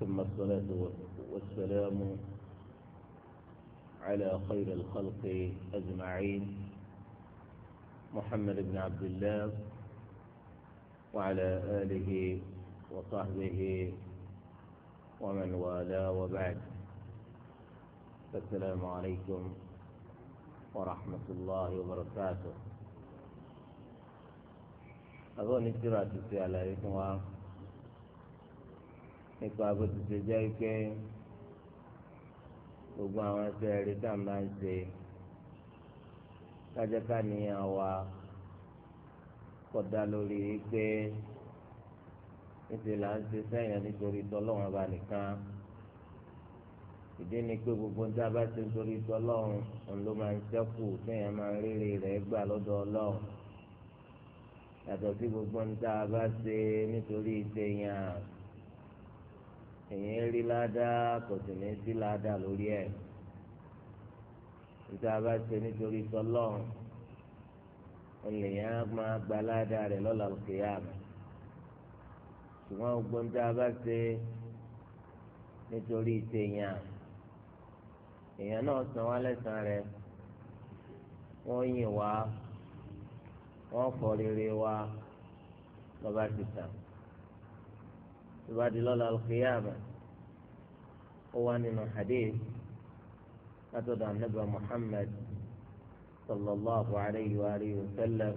ثم الصلاة والسلام على خير الخلق أجمعين محمد بن عبد الله وعلى آله وصحبه ومن والاه وبعد السلام عليكم ورحمة الله وبركاته أظن الجرات في عليكم nípa bó ti ṣe jẹ́ pé gbogbo àwọn ẹsẹ̀ rí tá à ń bá ń ṣe kájẹ́ká nìyẹn wa kọ̀ dá lórí pé níṣẹ́ là ń ṣe sẹ́yìn nítorí tọ́lọ́run ọba nìkan ìdí ni pé gbogbo ń dábàá ṣe nítorí tọ́lọ́run òun ló máa ń ṣẹ́kù sẹ́yìn máa ń rírì rẹ̀ gbà lọ́dọ̀ ọlọ́run yàtọ̀ sí gbogbo ń dábàá ṣe nítorí ìṣẹ̀yìn àrùn èyàn rí ládàá kò sì ní sí ládàá lórí ẹ̀ níta bá ṣe nítorí tọ́lọ́run ènìyàn máa gba ládàá rẹ̀ lọ́la kíyámà ṣùgbọ́n gbogbo níta bá ṣe nítorí tèèyàn èèyàn náà san wá lẹ́sàn-án wọ́n yìn wá wọ́n fọ rere wá lọ́ba ti tàn ìbàdí lọ́la al-qiyamah ó wà nínú hadith látọ̀dọ̀ anábà Muhammad sallallahu alayhi wa alihi wa sallam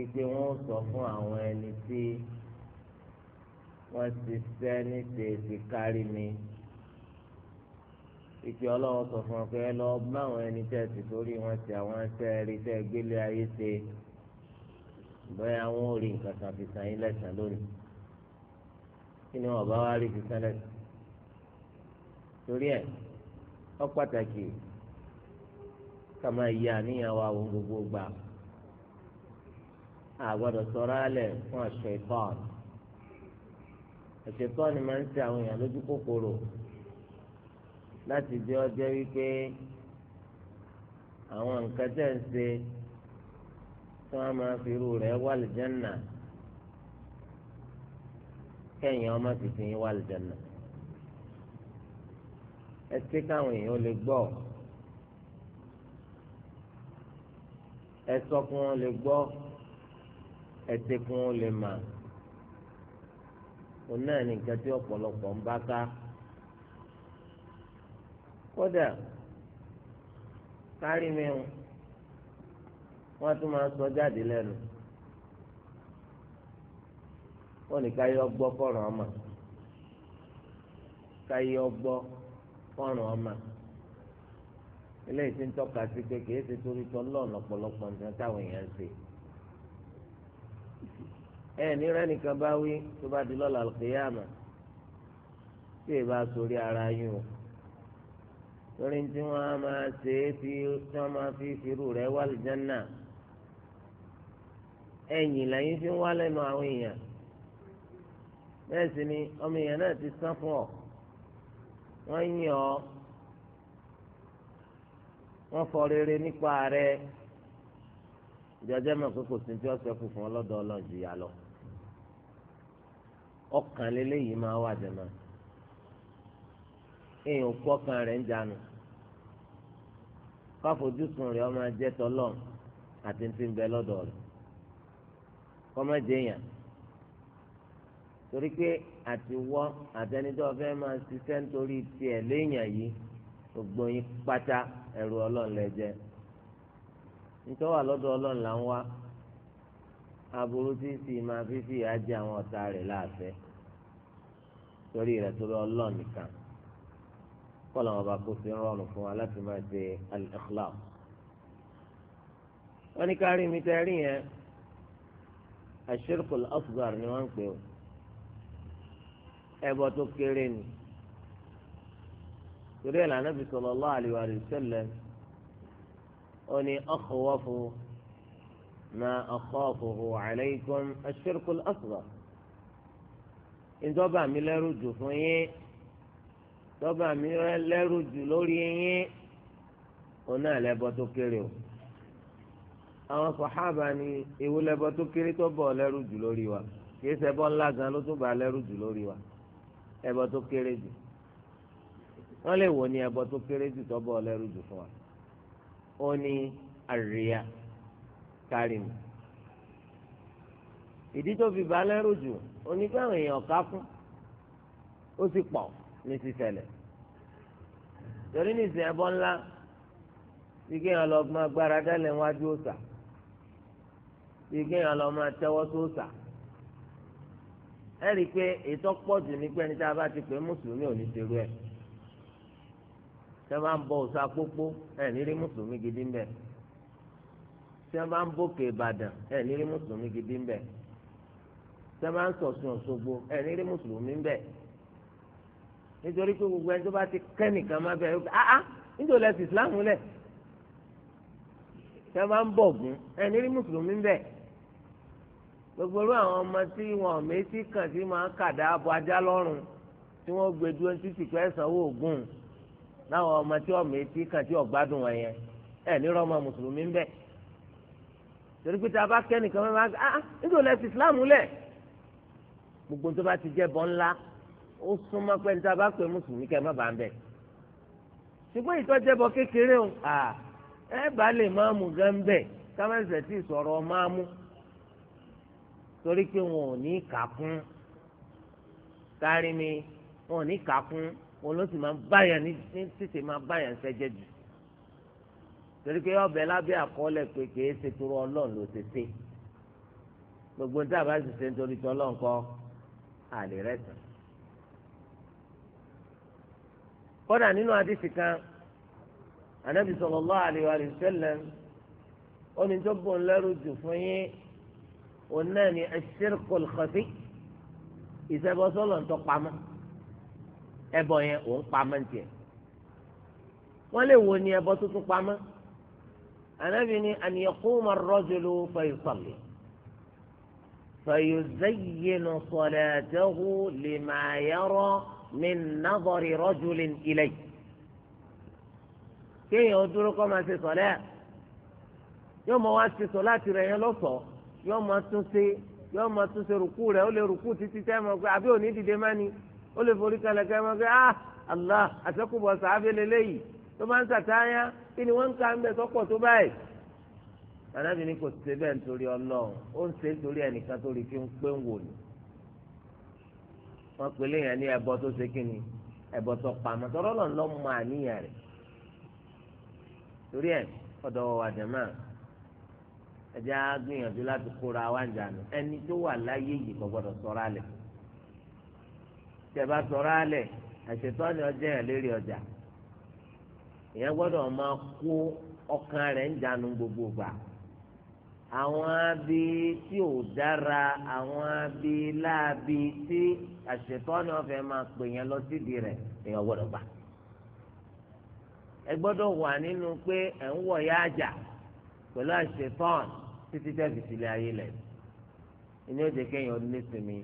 ìpè wọn sọ fún àwọn ẹni tí wọ́n ti sẹ́ ní tèèsì kárí mi ìpè ọlọ́wọ́ sọ fún ọ pé lọ bá àwọn ẹni tẹ́ ti torí wọn ti àwọn ẹsẹ̀ rí tẹ́ gbélé ayé ṣe bẹ́ẹ̀ àwọn ò rí sàn yín lẹ́sàn lónìí kí ni wọn bá wá rí fi sẹ́lẹ̀ torí ẹ̀ ó pàtàkì ká máa yẹ àníyàn wa wo gbogbo gbà àgbọ́dọ̀ sọ̀rọ̀ alẹ̀ fún àṣọ ìfọ́ọ̀nù àṣọ ìfọ́ọ̀nù máa ń ṣe àwọn èèyàn lójú kòkòrò láti jẹ́ ọjọ́ wípé àwọn nǹkan tẹ̀ ń ṣe tí wọ́n máa fi irú rẹ̀ wà lìjẹ́ náà kẹ́yìn ọmọ títí yín wà lìjànà ẹ ti káwọn èèyàn lè gbọ́ ẹ sọ kí wọ́n lè gbọ́ ẹ ti kí wọ́n lè mà òun náà ní nǹkan tí ọ̀pọ̀lọpọ̀ ń bá ká kódà kárí mi wọ́n tún máa sọ jáde lẹ́nu wọn ní káyọ gbọ́ kọrọ ọmọ káyọ gbọ́ kọrọ ọmọ eléyìí ti ń tọ́ka sí pé kìí ṣe torí tọ́lọ́ọ̀nù ọ̀pọ̀lọpọ̀ nǹkan táwọn èèyàn ń ṣe ẹ nira nìkan bá wí tó bá di lọ́la àlùkìyàmà tí ì bá sórí ara yín o torí tí wọ́n á máa ṣe é tí wọ́n máa fi irú rẹ̀ wá lìjánà ẹ̀yìn lẹ́yìn fi ń wá lẹ́nu àwọn èèyàn bẹ́ẹ̀ sì ni ọmọ èèyàn náà ti sán fún ọ wọ́n yìn ọ́ wọ́n fọ rere nípa rẹ ìjọjẹ́ mọ̀ pé kò sí tí wọ́n sẹ́kù fún ọlọ́dọ̀ ọlọ́run yà lọ ọkàn ma máa wà jẹ́ náà èèyàn kú ọkàn rẹ̀ ń jánu káfojúsùn rẹ̀ ọmọ ajẹ́tọ́ lọ́n àti ti ń bẹ lọ́dọ̀ rẹ̀ kọ́mọ́jẹ́yàn. torí pé àtiwọ́ àtẹnidọ́ fẹ́ máa ṣiṣẹ́ nítorí tiẹ̀ léèyàn yìí gbogbo yín pátá ẹ̀rù ọlọ́run lẹ jẹ́ nítorí wà lọ́dọ̀ ọlọ́run là ń wá aburú tí sì máa fífi ìyá jẹ àwọn ọ̀tá rẹ̀ láàfẹ́ torí rẹ̀ torí ọlọ́run nìkan kọ́ làwọn ọba kò sí rọrùn fún wa láti máa ṣe al wọ́n ní ká rí mi tẹ́ rí yẹn ashirkul asghar ni wọ́n ń pè ó ẹbọ tó kéré ni torí ẹ̀ lànà bìí sallallahu alaihi wa sallam ó ní akhwafu ma akhafuhu alaykum ash-shirku al-asghar ìjọba mi lẹ́rù jù fún yín ìjọba mi lẹ́rù jù lórí yín òun náà lẹ́bọ tó kéré o àwọn sàhábà ni ewu tó kéré tó bọ̀ lẹ́rù jù lórí wa kì í ṣẹbọ ńlá gan ló tún bá lẹ́rù jù lórí wa ẹbọ tó kéré jù wọ́n lè wò ní ẹbọ tó kéré jù tó bọ́ ọ lẹ́rù jù fún wa ó ní àríyá kárí mi ìdí tó fi bá lẹ́rù jù oníkàwọn èèyàn ká fún ó sì pọ̀ ní sísẹlẹ̀ torí ní ìsìn ẹbọ ńlá bí kéèyàn lọ gbọ́n agbára dálẹ̀ wájú òòsà bí kéèyàn lọ máa tẹ́wọ́ sóòsà. So ẹ rí i pé ètò pọ̀jù ní pé ẹni tá a bá ti pè mùsùlùmí ò ní ṣerú ẹ̀ tẹ́ bá ń bọ òòṣà pópó ẹ̀ ní rí mùsùlùmí gidi ń bẹ̀ tẹ́ bá ń bòkè ìbàdàn ẹ̀ ní rí mùsùlùmí gidi ń bẹ̀ tẹ́ bá ń sọ̀sùn òṣogbo ẹ̀ ní rí mùsùlùmí ń bẹ̀ nítorí pé gbogbo ẹni tó bá ti kẹ́nìkan má bẹ̀rẹ̀ pé áá nítorí ẹ̀sìn ìsìláàmù lẹ̀ tẹ́ bá ń bọ̀gún gbogbo irú àwọn ọmọ tí wọn méjì kàn tí máa ń kàdá abo ajá lọ́rùn tí wọ́n gbé dúró ní títì pé ẹ̀sánwó ògùn láwọn ọmọ tí wọn méjì kàn tí ọ̀gbádùn wọn yẹn ẹ̀ nírọ̀ ọmọ mùsùlùmí ń bẹ̀. torí pé tá a bá kẹ́nìkan wọn máa ń ah, ah nítorí lẹ́sìn Islam lẹ̀ gbogbo tó bá ti jẹ́ bọ́ ńlá ó súnmọ́ pé ní tá a bá pè mùsùlùmí kẹ́ ẹ má bàa ń bẹ̀. ṣùgbọ́n ìtọ́jẹ́bọ kékeré o ẹ bá lè máàmù gan bẹ̀ kámẹ́sẹ̀ tí ìsọ̀rọ̀ máàmù torí pé wọn ò ní kà kún kárí mi wọn ò ní kà kún wọn ló sì máa báyà ní títí máa báyà ń sẹ́jẹ́ jù torí pé ọbẹ̀ lábẹ́ àkọọ́lẹ̀ pé kìí ṣe torọ ọlọ́run ló ṣe ṣe gbogbo ní tàbá sì ṣe nítorí tí ọlọ́run kọ́ àlè rẹ̀ kódà nínú àdìsí kan ànábì sallallahu alaihi wa sallam ó ní tó bò ń lẹ́rù jù fún yín òun náà ni aṣírkùl khafi ìṣẹ́bọsọ́lọ̀ ń tọ́ pamọ́ ẹbọ yẹn òun pamọ́ tiẹ̀ wọ́n lè wo ni ẹbọ tuntun pamọ́ anabi ni an yaquma ar-rajulu fa yusalli fa yuzayyinu salatahu lima yara min dúró kó máa ṣe sọ̀lẹ́ yóò mọ wá ṣe sọ láti rẹ̀ yẹn lọ́sọ̀ọ́ yóò máa tún ṣe yóò máa tún ṣe rùkú rẹ̀ ó lè rùkú títí tẹ́ mọ̀ pé àbí òní dìde má ni ó lè forí kalẹ̀ kẹ́ mọ̀ pé ah allah àṣẹkùbọ̀ sàábẹ̀ lélẹ́yìí tó máa ń sàtáyà kí ni wọ́n ń ka ń bẹ̀ sọ́pọ̀ tó báyìí anabi ni kò ṣe bẹ́ẹ̀ nítorí ọlọ́run ó ń ṣe nítorí ẹnìkan tó rí fi ń pé ń wò ní. wọ́n pè léèyàn ní ẹ̀bọ tó ṣe kí ni ẹ̀bọ tó pamọ́ tọ́lọ́ lọ́n lọ́ mọ àníyàn rẹ̀ torí ẹ̀ ọ̀dọ̀ wà jẹ̀mọ́ ẹjẹ́ á gbìyànjú láti kóra wa ń ẹni tó wà láyé yìí kò gbọdọ̀ sọ̀rọ̀ alẹ̀ tẹ̀bá sọ̀rọ̀ alẹ̀ àṣetọ́ ni ọjọ́ yẹn lérí ọjà èèyàn gbọdọ máa kó ọkàn rẹ̀ ń gbogbo gbà àwọn abi tí ò dára àwọn abi láabi tí ni máa pè yẹn lọ gbà ẹ wà nínú pé ń títí jáde sílé ayé lẹ̀ ní ó jẹ́ kéèyàn nísìmí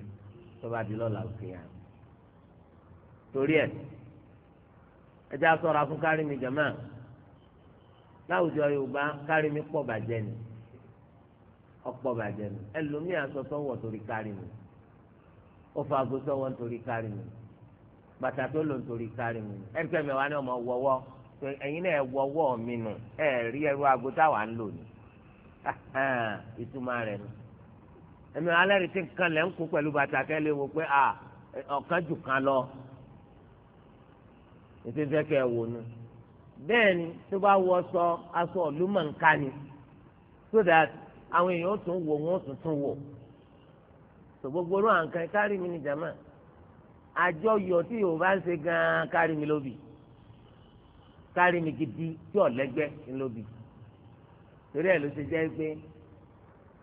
tó bá di lọ́la òkè yàn torí ẹ̀ ẹ já sọ̀rọ̀ afún kárí mi jẹ̀mọ́ láwùjọ yorùbá kárí mi pọ̀ bàjẹ́ ni ọ̀pọ̀ bàjẹ́ ni ẹlòmíì aṣọ sọ́wọ́ torí kárí mi ó fa ago sọ́wọ́ nítorí kárí mi bàtà tó lò nítorí kárí mi ẹnikẹ́ni wa ni ọmọ wọ́wọ́ ẹ̀yin náà ẹ̀ wọ́wọ́ mi nù ẹ̀ rí ẹrú ago táwa ń lò ní ìtumọ̀ rẹ̀ nù ẹ̀mí alẹ́rìísí kan lẹ́ ń kó pẹ̀lú bàtà kẹ́lẹ́ wo pé ọ̀kan jù kan lọ ètò ìfẹ́ kẹ́ ẹ̀ wò nu bẹ́ẹ̀ ni tó bá wọ sọ aṣọ ọ̀lùmọ̀ǹká ni so that àwọn èèyàn ó tún wò wọ́n ó tún tún wò tó gbogbo orú àǹkan kárí mi ní jàmá àjọyọ̀ tí yorùbá ń ṣe gan-an kárí mi lóbì kárí mi gidi tí ọ̀lẹ́gbẹ́ ńlóbì. torí ẹ̀ ló ṣe jẹ́ pé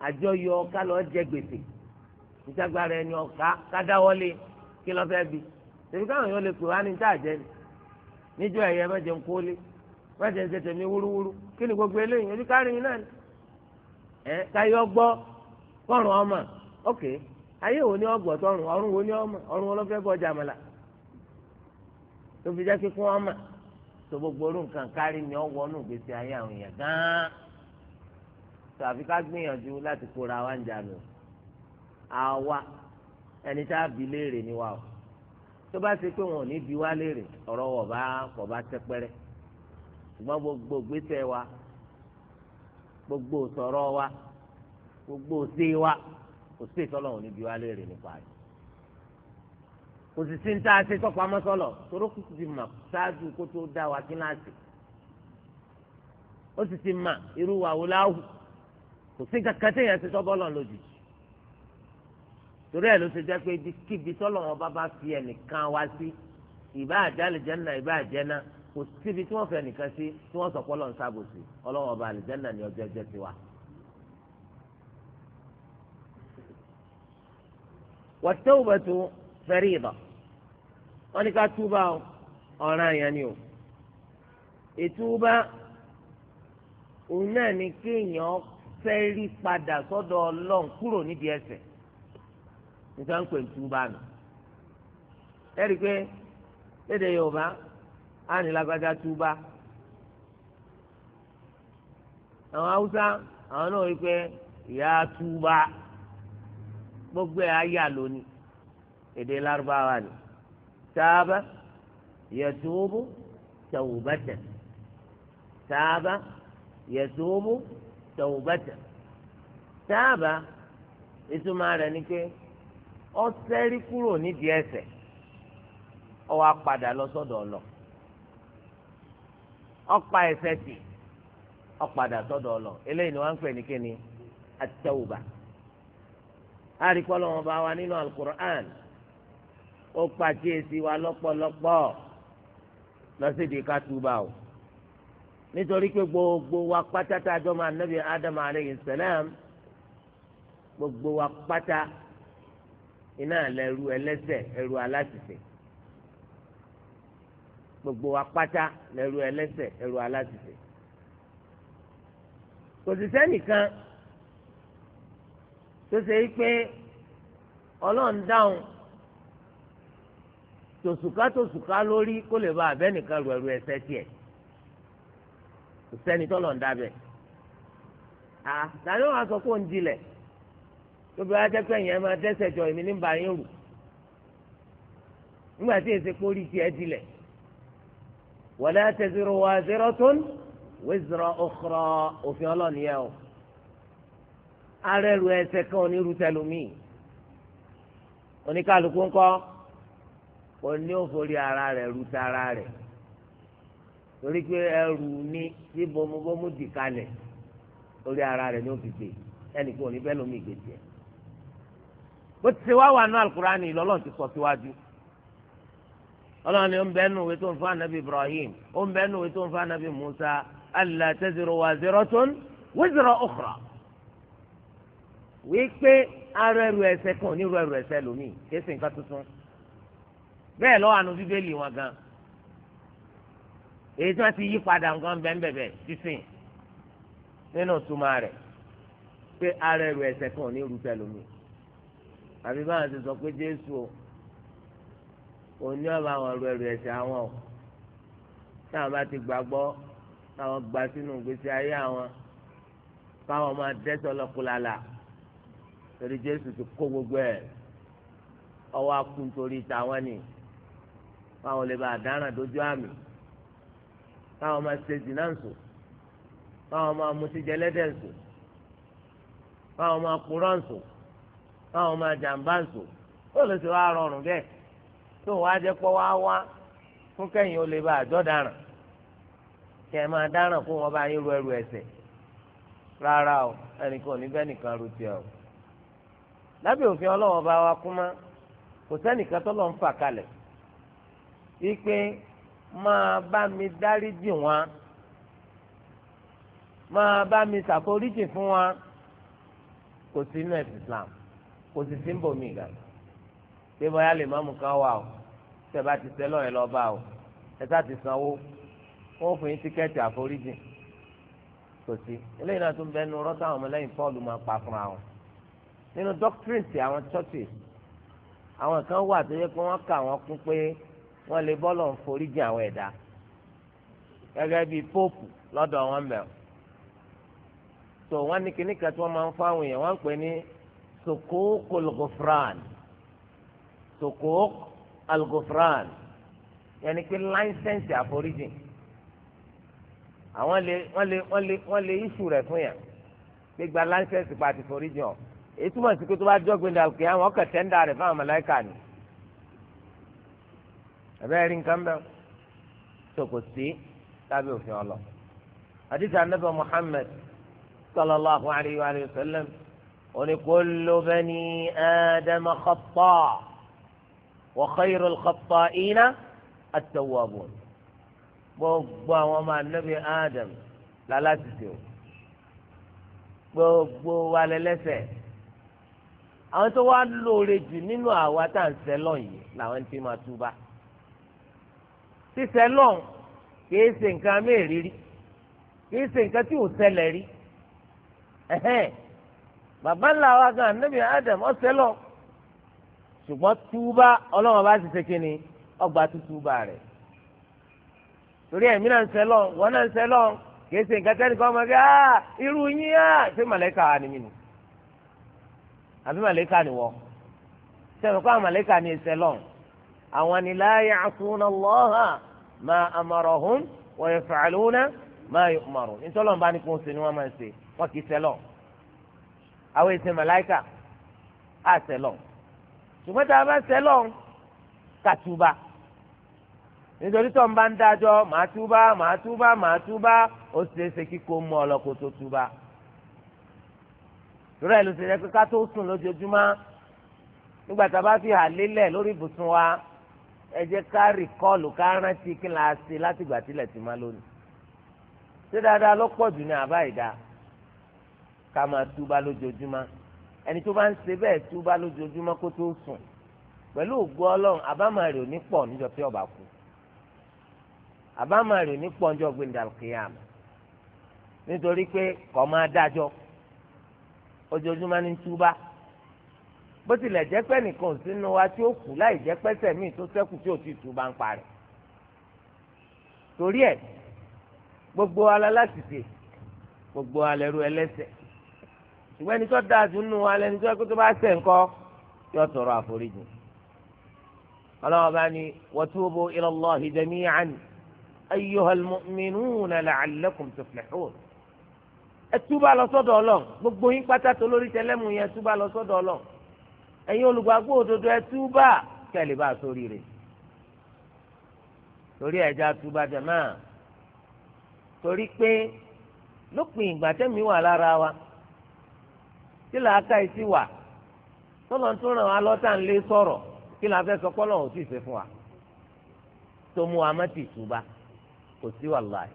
àjọyọ̀ ká lọ jẹ gbèsè ìtagbára ẹni ọ̀ká kádáwọ́lé kí lọ́ fẹ́ bi tèmi káwọn èèyàn lè pè wá ní táàjẹ́ ni ẹ̀yẹ mẹ́jẹ̀ ń kólé mẹ́jẹ̀ ń ṣe tèmi wúrúwúrú kí ni gbogbo eléyìí ojú kárí mi náà ni ẹ káyọ̀ gbọ́ kọ́rùn ọmọ ok ayé wo ni ọgbọ̀ tọrùn ọrùn wo ni ọmọ ọrùn wọn ló fẹ́ bọ́ tó fi gbogbo orú nǹkan kárí n'i gbèsè ayé àwọn èèyàn tàbí ká gbìyànjú láti kóra wa ń jànú àwa ẹni tá a bi léèrè ni wa o tó bá ṣe pé wọn ò ní bi wá léèrè ọ̀rọ̀ wọ̀ bá kọ̀ bá tẹ́pẹ́rẹ́ ṣùgbọ́n gbogbo gbèsè wa gbogbo sọ̀rọ̀ wa gbogbo ṣe wa kò sí ìtọ́lọ̀ òní bi wá léèrè nípa rẹ̀ kò sì sí ní tá a ṣe tọ́pamọ́ sọ́lọ̀ toró kù ti mà ṣáájú kó tó dá wa kíláàsì ó sì ti mà irú wa wò láwù kò sí kankan téèyàn ti tọ́ bọ́lọ̀ lójijì torí ẹ̀ ló ti jẹ́ pé kíbi tọ́lọ̀ wọn bá bá fi ẹnìkan wá sí ìbá àjálìjẹ́nà ìbá àjẹ́nà kò síbi tí wọ́n fẹ́ nìkan sí tí wọ́n sọ pọ́lọ̀ ń sábòsí ọlọ́wọ́n ọba àlìjẹ́nà ni ọjọ́ jẹ́ tiwa. wàtẹ́wùbẹ̀tù fẹ́rí ìbà wọ́n ní ká túbà ọ̀ràn yẹn ni o ìtúbà òun náà ni kéèyàn sẹ́rí padà sọ́dọ̀ ọlọ́run kúrò nídìí ẹ̀ṣẹ̀ níta ń pè ń túbà nù. ẹ rí i pé léde yorùbá á ní lágbájá túbà. àwọn haúsá àwọn náà rí i pé ìyá túbà gbogbo ẹ̀ á yà lónìí èdè lárúbáwá ni tábà yẹtùbù tàwùbàtà tábà yẹtùbù tawbata táàbà ìtumọ̀ rẹ̀ ni pé ó ṣẹ́rí kúrò nídìí ẹ̀ṣẹ̀ ó wá padà lọ sọ́dọ̀ ọlọ ó pa ẹ̀ṣẹ̀ tì ó padà sọ́dọ̀ ọlọ eléyìí ni wọ́n ń pè ní kíni at àríkọ́lọ́ wọn bá wa nínú al-Qur'an ó pàkíyèsí wa lọ́pọ̀lọpọ̀ lọ ká túbà o nítorí pé gbogbo wa pátá tá a jọ máa nábì Adam aleyhi salam gbogbo wa pátá iná lẹ́rú ẹlẹ́ṣẹ̀ ẹrú aláṣìṣe gbogbo wa pátá lẹ́rú ẹlẹ́ṣẹ̀ ẹrú aláṣìṣe kò sì sẹ́nìkan tó ṣe é pé ọlọ́run dáhùn tòṣùká tòṣùká lórí kó lè bá abẹ́nìkan rù ẹrù ẹ̀ṣẹ̀ tiẹ̀ kò sẹ́ni tọ́lọ̀ ń dábẹ́ à tàbí wọn sọ fóun dilẹ̀ tóbi wá jẹ́ pé ẹ̀yìn máa dẹ́sẹ̀ jọ èmi ní bá yín rù nígbà tí èsì kórìí tiẹ̀ dilẹ̀ wala taziru waziratun wizra ukhra òfin ọlọ́ọ̀nìyẹ o arẹ́rù ẹsẹ̀ kan onírú tẹlumi oníkàlùkù ńkọ́ oní ara rẹ̀ rú tara rẹ̀ torí pé ẹrù ní tí bọ́múbọ́mú dì kalẹ̀ orí ara rẹ̀ ní òfìgbè ẹnì kò ní bẹ́ẹ̀ lómi ìgbésẹ̀ bó ti ṣe wá wà ní alukurani lọ́lọ́run ti sọ síwájú ọlọ́run ni ó ń bẹ́ẹ̀ nù wí tó ń fún anabi Ibrahim ó ń bẹ́ẹ̀ nù wí tó ń fún anabi Musa alla taziru waziratun wizra ukhra wípé arọ ẹrù ẹ̀ṣẹ̀ kan onírú ẹrù ẹ̀ṣẹ̀ lómi kí ẹsẹ̀ nǹkan tuntun bẹ́ẹ̀ lọ́wọ́ àánú bíbélì wọn gan-an èyí tí wọ́n ti yí padà nǹkan bẹ́ẹ̀nbẹ́ẹ̀bẹ́ sísìn nínú túmọ̀ rẹ̀ pé ara ẹrù ẹ̀ṣẹ̀ kan ní irúfẹ́ lómi àbí báwọn ti sọ pé Jésù o òní ọba àwọn ọ̀rọ̀ ẹrù ẹ̀ṣẹ̀ àwọn o táwọn bá ti gbàgbọ́ táwọn gba sínú ìgbésí ayé àwọn káwọn máa dẹ́sọ̀ lọ́kùlàlà torí Jésù ti kó gbogbo ẹ̀ ọwọ́ akú tàwọn ni káwọn lè bá àdáràn dójú àmì. Ma máa ṣe zina ń sùn káwọn máa mutí jẹlẹ́dẹ̀ ń sùn káwọn máa kúrọ̀ ń sùn káwọn máa jàǹbá ń sùn ó lè ṣe wá rọrùn bẹ́ẹ̀ tó wàá jẹ́ pọ́ wá wá fún kẹ́yìn ó lè bá àjọ dáràn kẹ́ ẹ máa dáràn fún wọn bá yín ru ẹrù ẹ̀ṣẹ̀ rárá o ẹnìkan ò ní bẹ́ẹ̀ nìkan ru tiẹ̀ o lábẹ́ òfin bá wa kú mọ́ kò sẹ́nìkan tó lọ́ ń fà kalẹ̀ máa bá mi dáríjì wọn máa bá mi ṣàforíjì fún wọn kò sí inú ẹ̀sìn Islam kò sì sí ń bò mí ìgbà pé bóyá lè má mú kan wà o tẹ bá ti sẹ́lọ̀ ẹ lọ bá o ẹ sá ti sanwó wọn fún yín tíkẹ́ẹ̀tì àforíjì kò sí eléyìí náà tún bẹ nu rọ́tà àwọn ọmọlẹ́yìn Pọ́ọ̀lù máa pa fúnra wọn nínú doctrine àwọn churches àwọn kan wà tó yẹ pé wọ́n kà wọ́n kún pé wọ́n lè bọ́lọ̀ ń foríjì àwọn ẹ̀dá gẹ́gẹ́ bíi póòpù lọ́dọ̀ wọn bẹ̀ tó wọ́n ní kíní kan tí wọ́n máa ń fáwọn èèyàn wọ́n ń pè ní sukuk al-ghufran sukuk al-ghufran yẹnni pé láńsẹ̀nsì àforíjì àwọn lè wọ́n lè wọ́n lè wọ́n lè iṣu rẹ̀ fún yàn gbégbá láńsẹ̀nsì pàtì foríjì ọ̀ èyí túmọ̀ sí pé tó bá jọ́gbìn dàlùkì àwọn ọkọ̀ tẹ́ńdà rẹ̀ fáwọn màláíkà ni àbẹ́rẹ́ rí nǹkan bẹ́ẹ̀ tó kò sí lábẹ́ òfin ọlọ. àdìsí anábì Muhammad sallallahu alayhi wa sallam oní kullu bani adama khata wa khayrul khata'ina at-tawwabun gbogbo àwọn ọmọ anábì adam láláti tẹ̀ o gbogbo wa lẹ́lẹ́ṣẹ̀ àwọn tó wá lóore jù nínú àwa tá à ń sẹ́lọ̀ yìí làwọn ti máa túbà. sísẹ lọ́n kìí ṣe nǹkan mẹ́rìírí kìí ṣe nǹkan tí ò ṣẹlẹ̀ rí ẹ̀hẹ́n bàbá ńlá wa gan anabi adam ọ̀sẹ̀ lọ ṣùgbọ́n túbá ọlọ́run bá ti ṣe kínní ọgbà tútúbà rẹ̀ torí ẹ̀mí náà ń lọ wọn náà ń lọ kìí ṣe nǹkan ọmọ àwọn ni la ya'suna Allaha ma amarahum wa yaf'aluna ma yu'marun nítorí wọn bá ní kó ṣe ni wọn máa ṣe wọn kì í sẹlọ àwọn èsì màláìkà á sẹlọ ṣùgbọ́n tá a bá sẹlọ kàtúbà nítorí tó ń bá ń dájọ́ màá túbà màá túbà màá túbà ó ṣe ṣe kíkó mú ọ lọ tó túbà torí ló ṣe yẹ pé ká tó sùn lójoojúmọ́ nígbà tá a bá fi hà lélẹ̀ lórí ibùsùn wa ẹ jẹ́ ká rìkọ́ọ̀lù ká rántí kí n la ṣe látìgbà tílẹ̀ ti má lónìí ṣé dáadáa ló pọ̀ jù ní àbá ìdá ká máa túbá lójoojúmọ́ ẹni tó bá ń ṣe bẹ́ẹ̀ túbá lójoojúmọ́ kó tó sùn pẹ̀lú ògo ọlọ́run àbámarè ò ní pọ̀ níjọ tí ọba kú àbámarè ò ní pọ̀ níjọ gbẹndàkìyàm nítorí pé kọ́ máa dájọ́ ojoojúmọ́ ní túbá bó tilẹ̀ jẹ́ pé nìkan sínú wa tí ó kù láì jẹ́ pẹ́sẹ̀ míì tó sẹ́kù tí ò ti tù bá ń parẹ́ torí ẹ̀ gbogbo alálàsìsè gbogbo alẹ́rú ẹlẹ́sẹ̀ ṣùgbọ́n ẹni tó dáa tún nù alẹ́ ẹni tó yẹ kó tó bá ṣẹ̀ ńkọ́ yóò tọrọ àforíjì ọlọ́wọ́n bá ní watubu ila Allahi jami'an ayyuhal mu'minuna la'allakum tuflihun ẹ túbà lọ sọ́dọ̀ Ọlọ́run gbogbo yín pátá tó lórí tẹlẹ́mù yẹn túbà lọ sọ́dọ̀ Ọlọ́run ẹ̀yin olùgbàgbọ́ òdodo ẹ túbà kẹ́lẹ́ bá a sórí rẹ̀ torí ẹ̀já túbà jàmá torí pé lópin ìgbà tẹ́mi wà lára wa tí làákà yìí sì wà tọ́lọ̀ tó ràn wá lọ́tà ń lé sọ̀rọ̀ kí la fẹ́ sọ kọ́lọ̀ ò sì ṣe fún wa tó mú wa má túbà kò sí wàláì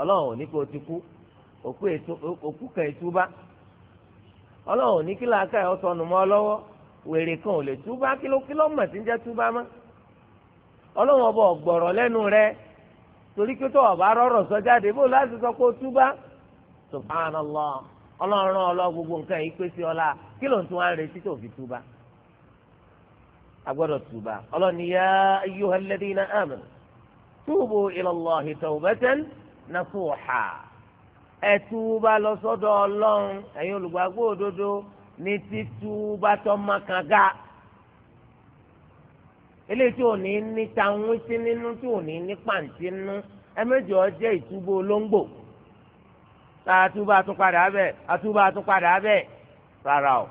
ọlọ́run ò ní kó o ti kú òkú kan ìtúbà. ọlọ́run ní kí làákà ẹ̀ sọnù were wèrè kan ò lè túbá kílókíló mọ̀ tí ń jẹ́ túbá mọ́ ọlọ́run ọba ọ̀gbọ̀rọ̀ lẹ́nu rẹ torí pé tó ọba rọrọ̀ sọ jáde bó láti sọ pé ó túbá ọlọ́run ọlọ́ gbogbo nǹkan yìí pé sí ọlá kí ló ń tún wá ń retí tó fi túbá túbá ọlọ́run ni yá ẹtùúbà lọ sọ́dọ̀ Ọlọ́run ẹ̀yin olùgbàgbọ́ òdodo ní títúbà tó má kan gá eléyìí tí ò ní ní tàwọn sí nínú tí ò ní ní pàǹtí nínú ẹ̀mẹ́jọ jẹ́ ìtúbọ olóńgbò tá àtúbà tún padà bẹ àtúbà tún padà bẹ rárá o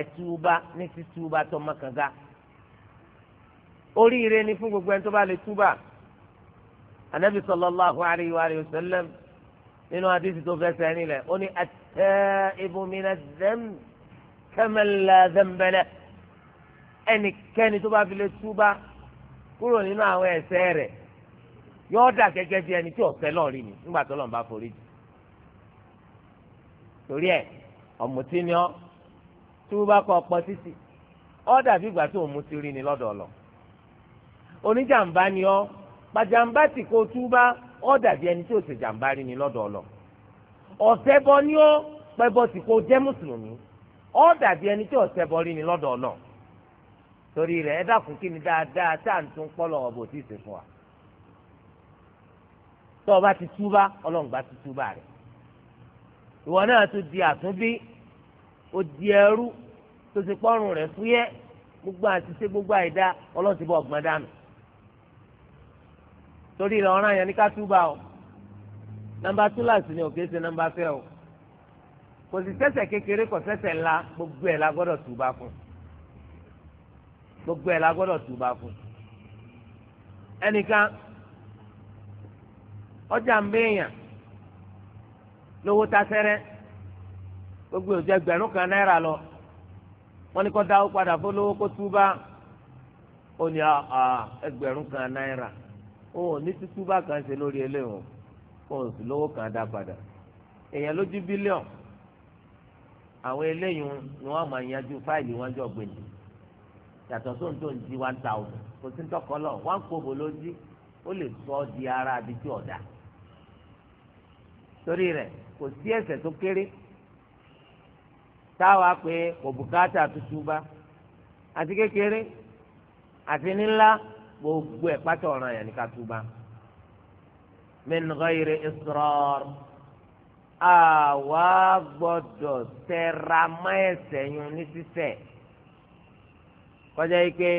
ẹtùúbà ní títúbà tó má oríire ni fún gbogbo ẹni tó bá lè túbà anabi sallallahu alayhi wa sallam nínú àdìsí tó fẹsẹ̀ nílẹ̀ ó ní at-taibu mina dhanbi kaman la dhanba lahu ẹnikẹ́ni tó bá fi lè túbá kúrò nínú àwọn ẹ̀ṣẹ̀ rẹ̀ yóò dà gẹ́gẹ́ bí ẹni tí ọ̀sẹ̀ náà rí ni nígbà tó lọ́n bá forí jì torí ẹ̀ ọ̀mùtí ni ọ́ túbá kọ ọ̀pọ̀ títì ọ́ dàbí ìgbà tó ọ̀mùtí rí ni lọ́dọ̀ ọ̀lọ́ oníjàmbá ni ọ́ pàjàmbá tì kó túbá ọ́ dàbí ẹni tí ò ṣe jàmbá rí ni lọ́dọ̀ ọlọ ọ̀sẹ̀ bọ ni ó pẹbọ tì kó jẹ́ mùsùlùmí ọ́ dàbí ẹni tí ò bọ rí ni lọ́dọ̀ ọlọ torí rẹ̀ ẹ dákun kí ni dáadáa tá à ń tún pọ́ lọ́wọ́ bò tí ì ṣe fún wa tó o bá ti túbá ọlọ́run bá ti túbá rẹ̀ ìwọ náà tún di àtúnbí ó di ẹrú tó ti pọ́rùn rẹ̀ fúyẹ́ gbogbo àti ṣe gbogbo àìdá ọlọ́run ti bọ́ ọgbọ́n dànù. torí rẹ̀ ọ̀ràn yẹn ká túbà o nàmbà túláàsì ni òkè ṣe nàmbà fẹ́ o kò sì ṣẹ̀ṣẹ̀ kékeré kò ṣẹ̀ṣẹ̀ ńlá gbogbo ẹ̀ la gbọ́dọ̀ túbà fún gbogbo ẹ̀ la gbọ́dọ̀ túbà ta sẹ́rẹ́ gbogbo ìjọ ẹgbẹ̀rún kan náírà lọ wọ́n ní kó dáwó padà fún lówó kó túbà ó ní ẹgbẹ̀rún òun ní tútú bá kan ṣe lórí eléyìí òun sì lówó kan dá padà èèyàn lójú bílíọ̀n àwọn eléyìí ni wọ́n máa yanjú fáìlì wọn jọ gbèdì yàtọ̀ sóhun tó ń di one thousand kò sí tọkọ lọ wọn kò bò ló dí ó lè sọ di ara àbí tí ọ̀dà torí rẹ̀ kò sí ẹ̀ṣẹ̀ tó kéré táwa pé kò bùkátà tútú bá àti kékeré àti nílá gbogbo ẹ̀ pátá ọ̀ràn yẹn ni ká túbà min ghayri israr àwa gbọ́dọ̀ tẹra mọ́ ẹ̀ṣẹ̀ yun ní sísẹ̀ kọjá yìí pé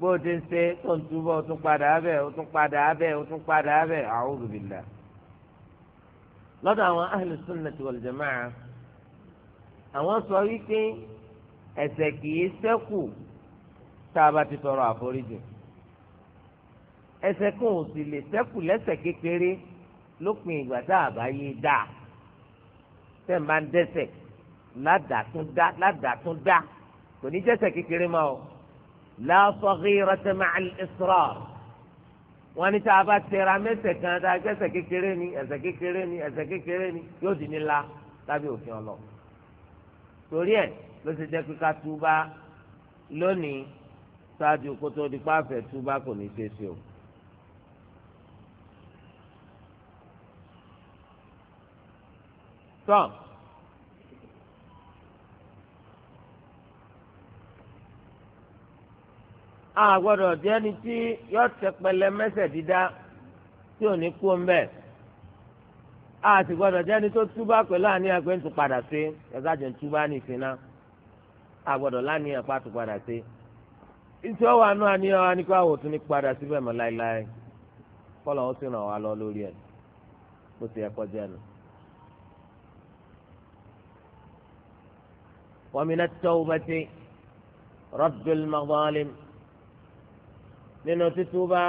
bó o ti ń ṣe tó ń túbọ̀ o tún padà abẹ́ o tún padà abẹ́ o tún padà abẹ́ a'udhu lọ́dọ̀ àwọn ahlu sunnati wal jama'a àwọn sọ wípé ẹ̀ṣẹ̀ kì í ṣẹ́kù tá a bá ti tọrọ àforíjì ẹsẹ̀ kan ò sì lè ṣẹ́kù lẹ́sẹ̀ kékeré lópin ìgbà tá a bá yé dá tẹ́ ń bá ń dẹ́sẹ̀ ládàtúndá ládàtúndá kò ní dẹ́sẹ̀ kékeré mọ́ o la saghirata ma'al israr wọn ní tá a bá tẹra mẹ́sẹ̀ kan tá a kékeré ni ẹ̀sẹ̀ kékeré ni ẹ̀sẹ̀ kékeré ni yóò di ní la lábẹ́ òfin ọlọ torí ẹ̀ ló ti jẹ́ pé ká túbá lónìí ṣáájú kótó dípá fẹ́ túbá kò ní ṣe é ṣe o. tán. a gbọ́dọ̀ jẹ́ ẹni tí yọ tẹpẹlẹ mẹ́sẹ̀ dídá tí ò ní kú ń a sì gbọ́dọ̀ jẹ́ ẹni tó túbá pẹ̀lú àníyàn pé ń tún padà sí ẹ̀ka jẹ̀ ń túbá ní ìsinná a gbọ́dọ̀ láníyàn pa tún padà sí iṣẹ́ wa nú àníyàn wa ní kó àwọn òtún ní padà síbẹ̀ mọ́ láéláé kọ́ lọ́wọ́ sí ràn wá lọ lórí ẹ̀ bó ti yẹ kọjá nù. ومن التوبة رد المظالم nínú títúbà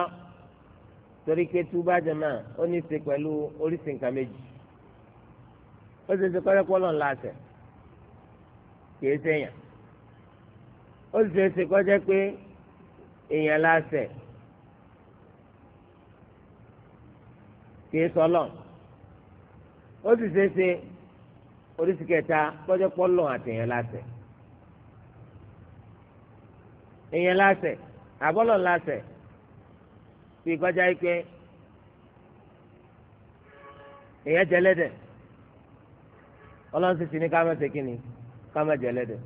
torí pé túbà jẹmọ ó ní í ṣe pẹ̀lú oríṣi nǹkan méjì ó sì ṣe kọ́lẹ́ kọ́lọ́ ńlá àṣẹ kìí ṣèyàn ó sì ṣe ṣe kọ́jẹ́ pé èèyàn láṣẹ kìí sọlọ́n ó sì ṣe ṣe oríṣi kẹta kọjá pọlọ àtẹyàn láṣẹ èèyàn láṣẹ àbọlọ láṣẹ fi kọjá ikpe èèyàn jẹlẹdẹ Ọlọ́run sì ti ní ká má ṣe kínní ká má jẹlẹdẹ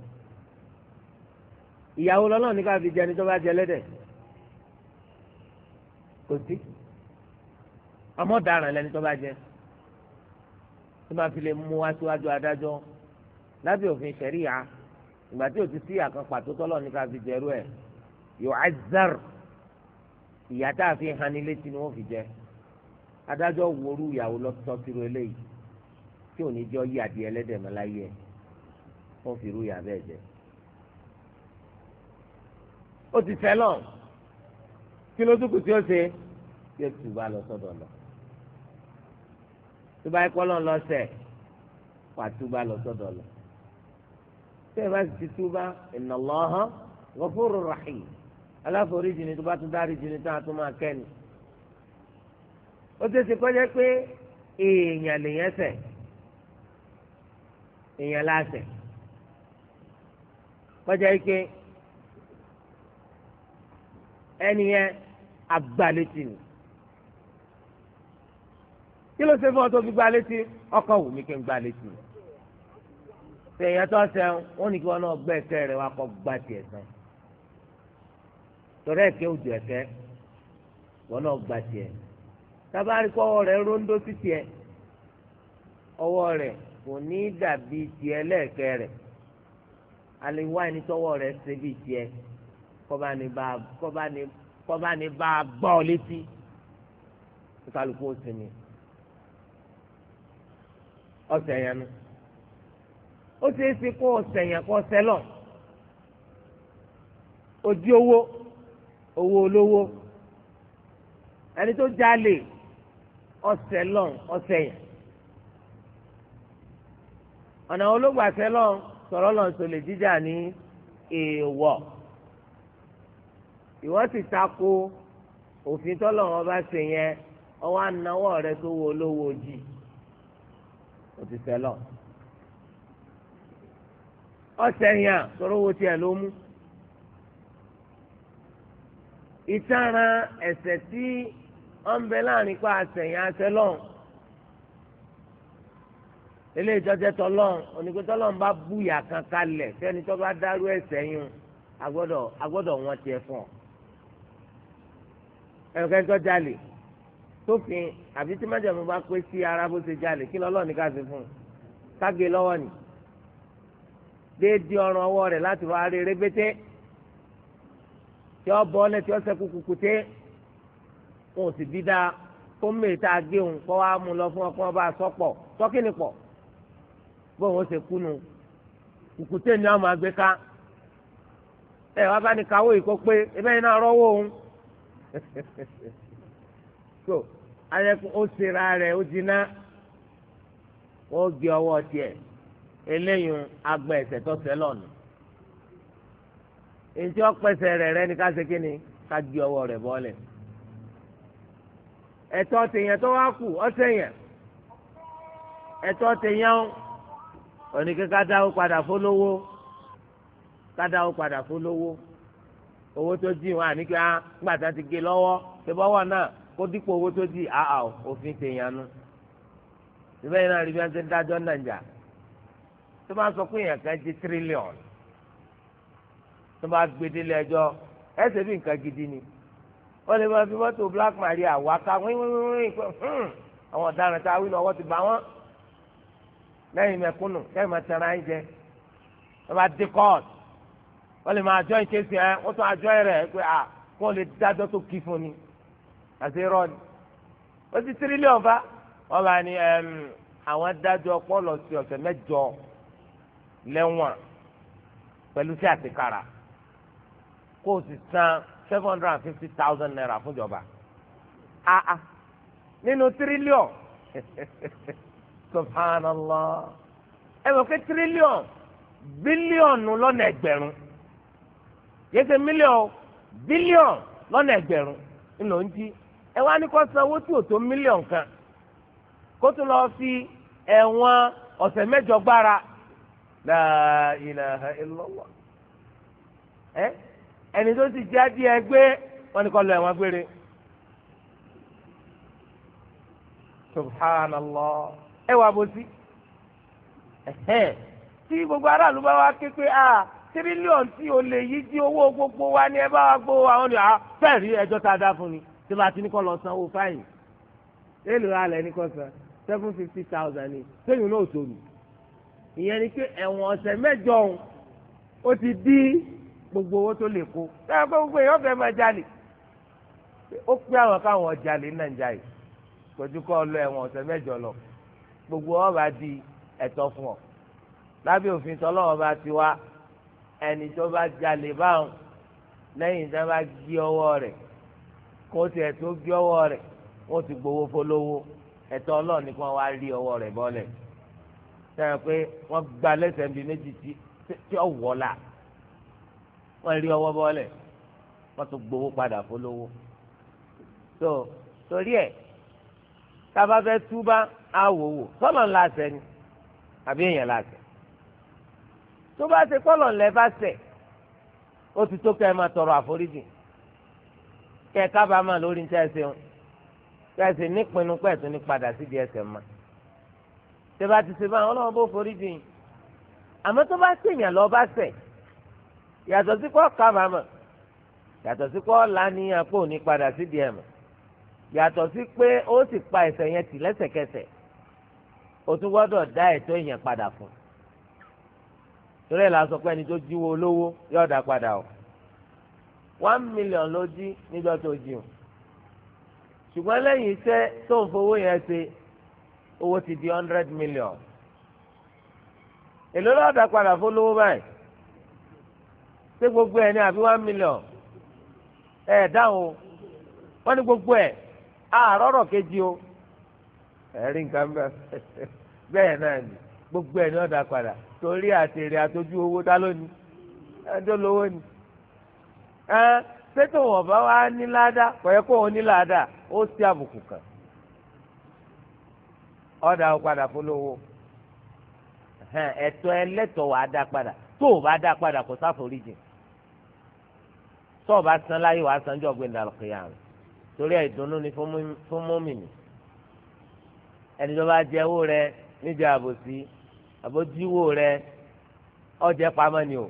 ìyàwó lọ́lọ́run ní ká fi jẹni tó bá jẹlẹdẹ kò sí àmọ́ dáràn lẹni tó bá jẹ tó máa fi lè mú wá síwájú adájọ́ lábẹ́ òfin ṣẹ̀ríyà ìgbà tí o ti sí àkàn pàtó tọ́lọ̀ ní ká fi jẹ́rú ẹ̀ yóò azar ìyá tá a fi hàn ní létí ni wọ́n fi jẹ́ adájọ́ worú ìyàwó lọ́tọ́ sí ro eléyìí tí ò ní jọ yí adìẹ ẹlẹ́dẹ̀mọ́ láyé ẹ̀ wọ́n fi rú ìyá bẹ́ẹ̀ jẹ́ ó ti fẹ́ lọ kí ló dúkùú tí ó ṣe yóò tù bá lọ sọ́dọ̀ lọ tó bá yẹ kọ́ lọ́n lọ sẹ̀ wà túbà lọ sọ́dọ̀ lọ. tẹ́ ẹ bá ti túbà inna Allaha ghafurur rahim aláforíjì ni tó bá tún dáríjì ni tó a tún máa kẹ́ni. ó ti ṣe kọjá pé èèyàn lèyàn ṣẹ̀ èèyàn láṣẹ̀ kọjá ike ẹni yẹn agbálẹ́tì ni kí ló ṣe fún ọ tó fi gba létí ọkọ wù mí kí n gba létí tẹ̀yìn tó ṣe wọn ní kí wọn náà gbẹ ẹsẹ̀ rẹ wá kọ gba tiẹ̀ sàn torí ẹ̀kẹ́ òjò ẹ̀kẹ́ wọn náà gba tiẹ̀ tábàárí kọ́ ọwọ́ rẹ róńdó sí tiẹ̀ ọwọ́ rẹ kò ní dàbí tiẹ̀ lẹ́ẹ̀kẹ́ rẹ̀ àlewá ẹni tọwọ́ rẹ̀ ṣe bí tiẹ̀ kọ́ba ni bá gbọ́ létí kálukú ó sinmi. ọsẹ yẹn nu ó ṣe é ṣe kó ọsẹ yẹn kó ọsẹ lọ ojú owó owó olówó ẹni tó jalè ọsẹ lọ ọsẹ yẹn ọ̀nà olóògbàsẹ lọ sọ̀rọ̀ lọ sọlẹ̀ jíjà ní èèwọ̀ ìwọ òfin tọ́lọ̀ wọn bá ṣe yẹn ọwọ́ rẹ olówó jì. ó ti sẹ́ lọ. ọ̀sẹ̀ yẹn sọ̀rọ̀ owó tiẹ̀ ló mú. ìtara ẹ̀ṣẹ̀ tí wọ́n ń bẹ láàrin pa àṣẹ̀yìn àṣẹlọ́n eléyìí tọ́jẹ́ tọ́lọ́n onígbẹ́tọ́lọ́n bá búyà kan kalẹ̀ fẹ́ni tó bá dárú ẹ̀ṣẹ̀ yìí agbọ́dọ̀ agbọ́dọ̀ wọn tiẹ̀ fún ọ. ẹnìkan tó jalè sófin àbí tí májàmú bá pé sí ara bó ṣe jalè kí lọ́lọ́ ní ká ṣe fún un kágé lọ́wọ́ ni déédéé ọrùn ọwọ́ rẹ̀ láti rọ aré rébété tí ó bọ́ ọ́lẹ̀ tí ó sẹ́kù kùkùté wọn ò sì bí dáa kó mèrè tá a gé òun kọ́ wa mú lọ fún ọkùnrin ọba sọ́pọ̀ sọ́kìnì pọ̀ bóun ó ṣe kúnu kùkùté ni wọn máa gbé ká ẹ wá bá ní káwó yìí kó pé ẹ bẹ́ẹ̀ náà rọ́wọ́ òun. so ayẹkùn ó sera rẹ̀ ó jiná wọ́n gbé ọwọ́ tiẹ̀ eléyìí agbọ̀n ẹ̀sẹ̀ tó sẹ́ lọ́nà ètò ọ̀pẹ̀sẹ̀ rẹ̀ rẹ̀ ni ká ṣe kí ni ká gbé ọwọ́ rẹ̀ bọ́lẹ̀ ẹ̀tọ́ tèèyàn tó wá kù ọ̀sẹ̀ yẹn ẹ̀tọ́ tèèyàn oníkẹ́ ká dáwó padà fólówó ká dáwó padà fólówó owó tó dì wọn àníkẹ́ á gbàtà ti gé lọ́wọ́ ṣe bọ́wọ́ náà kó dípò owó tó di àhà ah, ah, òfin tèèyànnu ìbẹ́ yìí náà rí bí wọ́n ti ń dájọ́ nàìjà tó bá sọ pé èèyàn kan jí tírílíọ̀nù tó bá gbedele ẹjọ́ ẹsẹ̀ bí nǹkan gidi ni wọ́n lè máa fi mọ́tò Black Maria wá ká wíwíwíwí hmm, àwọn ọ̀daràn tá a wí lọ́wọ́ ti bá wọn lẹ́yìn mẹ́kúnnù lẹ́yìn máa tẹ̀ra ẹ̀ jẹ wọ́n bá dé court wọ́n lè máa àjọ ìṣesí ẹ wọ́n tún àjọ ẹ̀ rẹ̀ pé à ah, kó lè dájọ́ tó kí fún ni àti irọ́ ni ó ti tírílíọ̀n fa wọ́n bá ní àwọn adájọ́ ọpọlọ sí ọ̀sẹ̀ mẹ́jọ lẹ́wọ̀n pẹ̀lú sí àtìkárà kó o sì san seven hundred and fifty thousand naira fúnjọba aa nínú tírílíọ̀n subhanallah ẹ mọ̀ pé tírílíọ̀n bílíọ̀nù lọ́nà ẹgbẹ̀rún yẹ́sẹ̀ mílíọ̀n bílíọ̀n lọ́nà ẹgbẹ̀rún ńlọ ń jí ẹ wá ní kó sanwó tí ò tó mílíọ̀n kan kó tún lọ fi ẹ̀wọ̀n ọ̀sẹ̀ mẹ́jọ gbára la ilaha illallah ẹ ẹni tó ti jẹ́ adìẹ gbé wọn ni lọ ẹ̀wọ̀n gbére subhanallah bó tí gbogbo aráàlú bá wá a ah, tí o lè yí gbogbo wa ni ẹ a ah, fẹ́ẹ̀ rí ẹjọ́ tá a dá tí bá ti ní kọ́ lọ sanwó fáìn èlò alẹ́ ní kọ́ san seven fifty thousand ni sẹ́yìn náà tó nù ìyẹn ni pé ẹ̀wọ̀n ọ̀sẹ̀ mẹ́jọ òun ó ti dí gbogbo owó tó lè kó táwọn pé gbogbo èèyàn fẹ́ máa jalè ó pé àwọn káwọn jalè ní nàìjíríà yìí tọ́jú kọ́ lọ ẹ̀wọ̀n ọ̀sẹ̀ mẹ́jọ lọ gbogbo ọba di ẹ̀tọ́ fún ọ lábẹ́ òfin tọ́lọ́wọ́ bá ti wá ẹni tó bá jalè báwọn lẹ́yìn tí wọ́n bá gé ọwọ́ rẹ̀ kó tiẹ̀ tó gbé ọwọ́ rẹ̀ ó ti gbowó fọlọ́wọ́ ẹ̀tọ́ ọlọ́ọ̀ni kan wá rí ọwọ́ rẹ̀ bọ́lẹ̀ sẹ́yìn pé wọ́n gba lẹ́sẹ̀ bíi méjì tí ó wọ̀ la wọ́n rí ọwọ́ bọ́lẹ̀ wọ́n tún gbowó padà fọlọ́wọ́ tó torí ẹ̀ tába fẹ́ túbá àwòwò sọ́lọ̀ ńlá sẹ́ ni àbí èèyàn la sẹ́ tó bá ṣe kọ́lọ̀ ńlẹ́ bá sẹ̀ ó ti tó kẹ́ ẹ máa tọrọ àforíjì kẹ́ ẹ kábàámà lórí ní tẹ́sẹ̀ ń tẹ́sẹ̀ nípinnu pẹ̀ tún ní padà síbi ẹsẹ̀ mọ́ tẹ́bà ti ṣe báyìí ọlọ́run bó forí jìn àmọ́ tó bá ṣèyàn lọ bá ṣẹ̀ yàtọ̀ sí kọ́ kábàámà yàtọ̀ sí kọ́ lánìyàn pò ní padà síbi ẹ̀ mọ́ yàtọ̀ sí pé ó sì pa ẹ̀ṣẹ̀ yẹn tì lẹ́sẹ̀kẹsẹ̀ o tún gbọ́dọ̀ dá ẹ̀tọ́ yẹn padà fún torí ẹ̀ la sọ pé ẹni tó jíwó olówó yóò dá padà o. one million ló jí tó o ṣùgbọ́n lẹ́yìn iṣẹ́ tó ń fowó yẹn ṣe owó ti di hundred million èló lọ́ọ̀dà padà fún lówó báyìí ṣé gbogbo ẹ̀ ní àbí one million ẹ̀ dáhùn wọ́n ní gbogbo ẹ̀ àárọ̀rọ̀ kejì o ẹ̀rí nǹkan bẹ́ẹ̀ bẹ́ẹ̀ náà ni gbogbo ẹ̀ ní ọ̀dà padà torí àtèrè àtọ́jú owó dá lónìí ẹjọ́ ẹ sẹtọ wọn bá wà ní ládàá kọyẹ kó wọn ní ládàá ó sí àbùkù kan ọdà ó padà polówó ẹ̀tọ́ ẹlẹ́tọ̀ wàá dá padà tó o bá dá padà kò sáforíjì tó o bá san láyé wàá sanjọ́ gbẹ̀ndà kìyàmù torí ìdùnnú ni fún mọ́mìnì ẹni tó bá jẹ owó rẹ níjà àbòsí àbójúwò rẹ ọjẹ pamọ́ ni o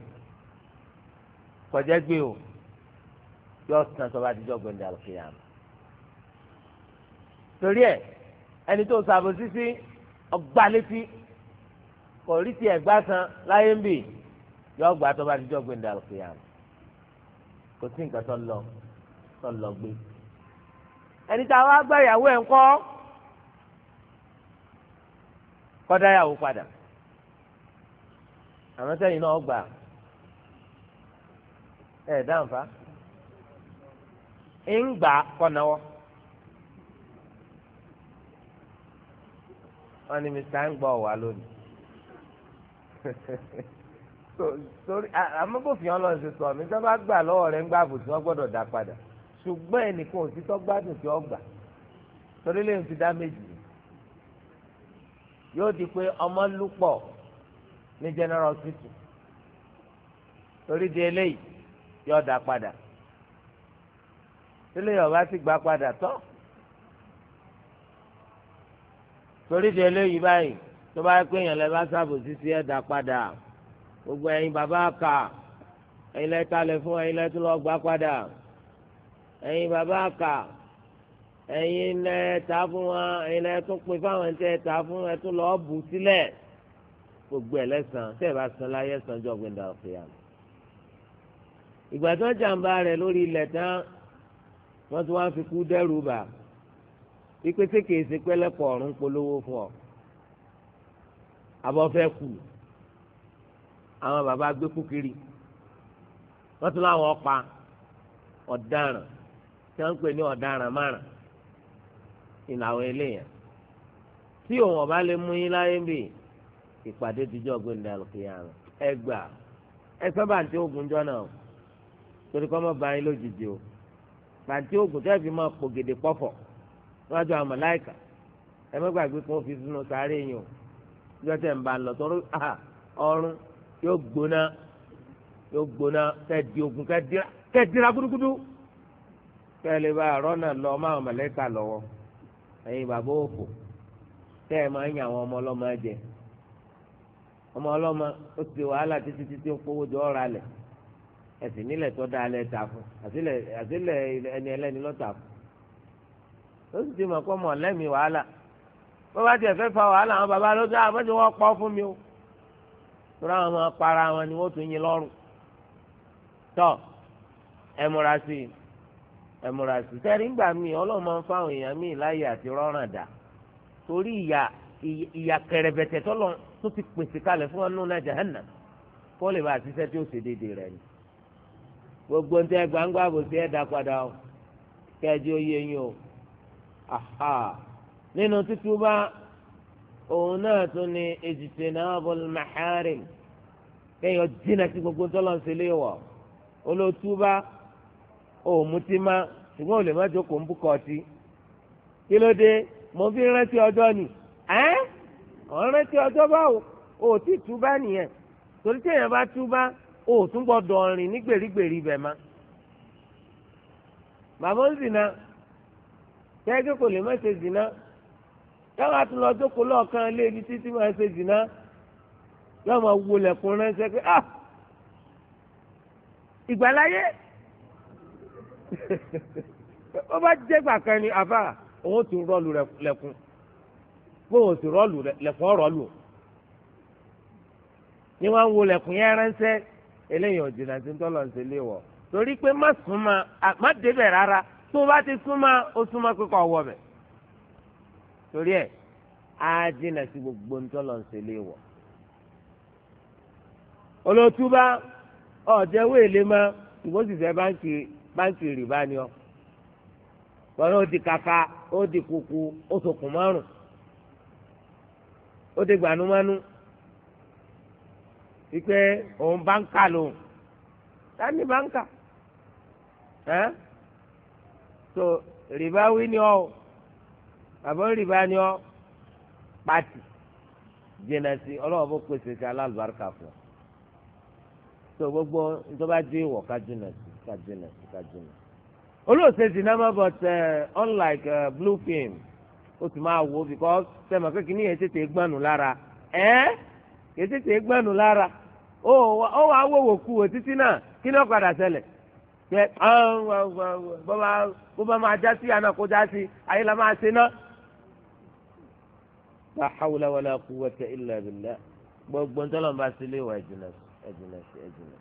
kọjẹ gbé o yóò sàn tó bá ti jọ gbẹ̀ndẹ̀ àlùkìyàmù. torí ẹ ẹni tó sàbò sísí ọgbà létí kò rí tiẹ̀ gbà san láyé ń bì yóò gbà tó bá ti jọ gbẹ̀ndẹ̀ àlùkìyàmù. kò sí nǹkan tó lọ tó lọ gbé. ẹni tá a wá gbà ìyàwó ẹ̀ ń kọ́ kọ́dá ìyàwó padà àmọ́ sẹ́yìn náà gbà ẹ̀ dáǹfà. ń gbà kọ́nàwọ́. wọ́n mr ń gbọ́ wà lónìí. torí fi lọ sí sọ mi sábà gbà lọ́wọ́ rẹ̀ ń gbà àbùsùn wọ́n gbọ́dọ̀ dá padà ṣùgbọ́n ẹnìkan ò sí tọ́gbádùn tí ó gbà torí di pé ọmọ general hospital torí di eléyìí yóò tílé ọba sì gbà padà tọ́ torí di eléyìí báyìí tó bá pé èèyàn lè bá sábò sísí ẹ̀dá padà gbogbo ẹ̀yin bàbá àkà ẹ̀yin lè talẹ̀ fún ẹ̀yin lè tún lọ gbà padà ẹ̀yin bàbá àkà ẹ̀yin lè ta fún wọn ẹ̀yin lè tún pin fáwọn ẹ̀ńtẹ́ ta fún ẹ̀ tún lọ́ọ́ bù sílẹ̀ gbogbo ẹ̀ lẹ́sàn-án tẹ́ bá san láyé ẹ̀sán jọ̀gbìn dàrú fìyà. ìgbà tó jàǹbá rẹ̀ lórí ilẹ̀ tán wọ́n tún wá fi kú dẹ́rù bà ipe tí kìí ṣe pẹ́lẹ́pọ̀ ọ̀run polówó fún ọ abọ́fẹ́ kù àwọn bàbá gbé kú kiri wọ́n tún láwọn ọ̀pá ọ̀daràn tí wọ́n ń pè ní ọ̀daràn márùn ìlà àwọn eléyàn tí òun ọba lè mú yín láyé bì ìpàdé tìjọ́ gbẹ̀ndà lùkìyàn ẹ gbà ẹ sábà ń tí ogun jọ náà torí kọ́ mọ́ bá yín lójijì o pàǹtí ògùn tẹ́ fi máa pò gèdè pọ̀fọ̀ níwájú àwọn màláìkà ẹ má gbàgbé kí wọ́n fi sínú sáré yìí o ìjọ tẹ̀ ń bá lọ tọ́rọ ọrùn yóò gbóná yóò gbóná kẹ́ di ògùn kẹ́ dira gudugudu kẹ́ lè bá rọ́nà lọ ọmọ àwọn màláìkà lọ́wọ́ ẹ̀yin bàbá òfò tẹ́ ẹ máa ń yàn àwọn ọmọ ọlọ́mọ jẹ ọmọ ọlọ́mọ ó ti wàhálà títí títí ó kówó jọ ọ̀rọ̀ alẹ̀ ẹ̀sìn nílẹ̀ tó dáa lẹ́ ta fún àtìlẹ̀ ẹni ẹlẹ́ni lọ́ fún ó sì ti mọ̀ pé ọmọ ọ̀lẹ́mi wàhálà bó bá tiẹ̀ fẹ́ fa wàhálà àwọn baba ló dá àmọ́jú wọn pọ̀ fún mi o tóra wọn máa para wọn ni wọ́n tún yin lọ́rùn tọ́ ẹ múra sí i ẹ múra sí i ńgbà mi ọlọ́run máa ń fáwọn èèyàn míì láyè àti rọ́ràn dà torí ìyà ìyà kẹrẹbẹtẹ tó ti pèsè kalẹ̀ gbogbo ń tẹ gbangba bò sí ẹ̀dá padà o kẹjọ oyè yín o aha nínú títúbà òun náà tún ní èjìtì náà bọ màhárìn kẹyọ jìnnà sí gbogbo tọ́lọ̀ ń ṣẹlẹ̀ wọ̀ olótúbà òmùtí má ṣùgbọ́n olè má jókòó ń bukọ̀ ọtí kí ló dé mo fi rántí ọjọ́ ni ẹ́ ọ̀ rántí ọjọ́ báwo òtí nìyẹn torí tí èèyàn bá túbà o ò tún gbọ́dọ̀ rìn ní gbèrígbèrí bẹ̀ ma bàbá ń zina tẹ́gẹ́ kò lè má ṣe zina táwọn àti lọ jókòó lọ́ọ̀kan lé ibi títí máa ṣe zina yóò máa wo lẹ̀kùn ránṣẹ́ pé ah ìgbàláyé ó bá jẹ́ gbàkan ni àbá òun ti rọ́ọ̀lù lẹ̀kùn bóun ti rọ́ọ̀lù lẹ̀kùn ọ̀rọ̀ọ̀lù ni wọ́n ń wo lẹ̀kùn yẹn ránṣẹ́. eléyìí ò jìnnà tí ń tọ́lọ̀ ṣe lé wọ̀ torí pé má súnmọ́ má débẹ̀ rárá tó bá ti súnmọ́ o súnmọ́ kíkọ́ ọwọ́ bẹ̀ torí ẹ̀ á jìnnà sí gbogbo ń tọ́lọ̀ ṣe lé wọ̀ olótúbá ọ̀jẹ̀ wéèlé má ìgbósìsẹ́ báńkì báńkì rìbá ọ wọn ó di kaka ó di kuku ó sokùn márùn ó di gbanumánu wípé òun báńkà lòun ẹ so rìbá wí ni ọ àbọ̀ rìbá ni ọ pàtì jìnnà sí ọlọ́wọ́ bó pèsè sí alálùbáríkà fún ọ so gbogbo ntọ́ba ìwọ̀ ká jìnnà sí ká jìnnà sí ká jìnnà olóòsè náà but uh, unlike uh, blue film máa because sẹ́mi ẹ́ yẹn tètè gbọ́nù ó wà wòwò ku wò títí náà kí ni ó padà ṣẹlẹ̀ yẹ bó bá máa já sí àná ayé la máa ṣe ná. la hawla wala quwwata illa billah gbogbo bá sílé wa ẹ̀jìnà ẹ̀jìnà ẹ̀jìnà.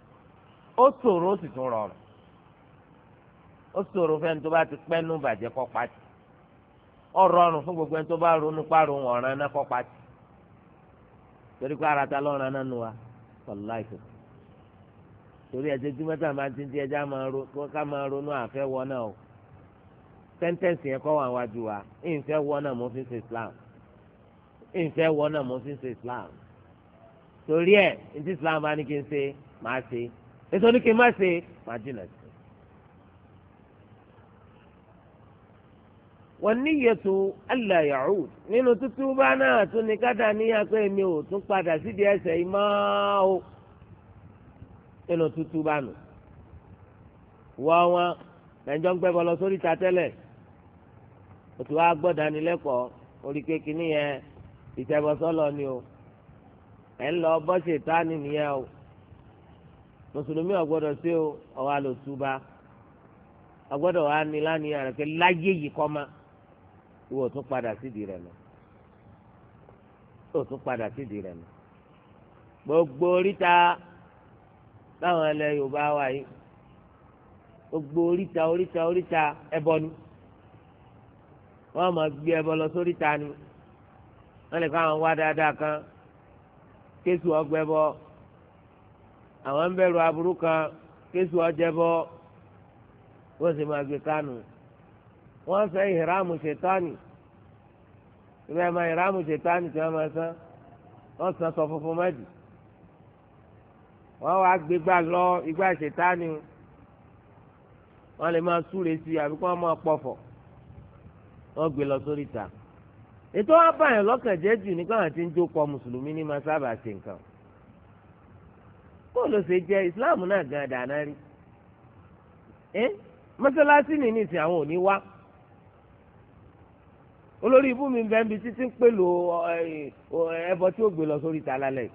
ó ó sì tún rọrùn ó fẹ́ni ti bàjẹ́ kọ́ pàtì ó gbogbo ẹni tó bá ronú pàrọ̀ náà kọ́ pàtì torí pé wàláì kò torí ẹjẹ júmọ́ tá a máa ti ń di ẹjẹ ká máa ronú àfẹ́ wọ náà o sẹ́ńtẹ́ǹsì yẹn kọ́ wà wájú wa ìǹfẹ́ wọ náà mo fi ṣe Islam ìǹfẹ́ wọ náà mo fi ṣe Islam torí ẹ̀ ní ti Islam bá ní kí n ṣe màá ṣe ètò ní kí n má ṣe màá jìnà sí. wọn níyẹtù aláyàwó nínú tútù bá náà tún ní kádà níyà pé mi ò tún padà sídìí ẹsẹ̀ yìí máa o nínú tútù bá nù wọ́ wọn nàìjọ ń gbẹ́bọ lọ sórí ta tẹ́lẹ̀ òtún wa gbọ́ dánilẹ́kọ̀ọ́ orí kékeré yẹn ìtẹ̀bọ̀sọ́lọ ni o ẹ̀ ń lọ bọ́sẹ̀ tání nìyẹn o mùsùlùmí ọ̀gbọ́dọ̀ sí o ọ̀wá lò túba ọ̀gbọ́dọ̀ wa ní lánìyàn rẹ̀ láyé yìí kọ́ máa ìwọ tún padà sídìí rẹ̀ lọ ìwọ tún padà sídìí rẹ̀ lọ gbogbo oríta táwọn ẹlẹ Yorùbá wà yìí gbogbo oríta oríta oríta ẹbọ ni wọ́n máa gbé ẹbọ lọ sóríta ni wọ́n lè kọ wá dáadáa kan kéṣù ọgbẹ bọ àwọn ń bẹ̀rù aburú kan kéṣù ọjẹ bọ wọ́n sì máa gbé kánú wọ́n fẹ́ ìhìrámù ṣètánì ìbẹ́ máa ìhìrámù ṣètánì tí wọ́n máa san wọ́n san sọ funfun mẹ́jì wọ́n gbégbá lọ igbá ṣètánì wọ́n lè máa súre sí àbí kí wọ́n máa pọ̀fọ̀ wọ́n gbé lọ sórí ta ètò jù nígbà ti ń jó mùsùlùmí ní máa sábà ṣe nǹkan kó ló ṣe olórí ibú mi bẹ́ẹ̀ bi títí ń pèlò ẹbọ tí ó gbé lọ sórí ta lálẹ́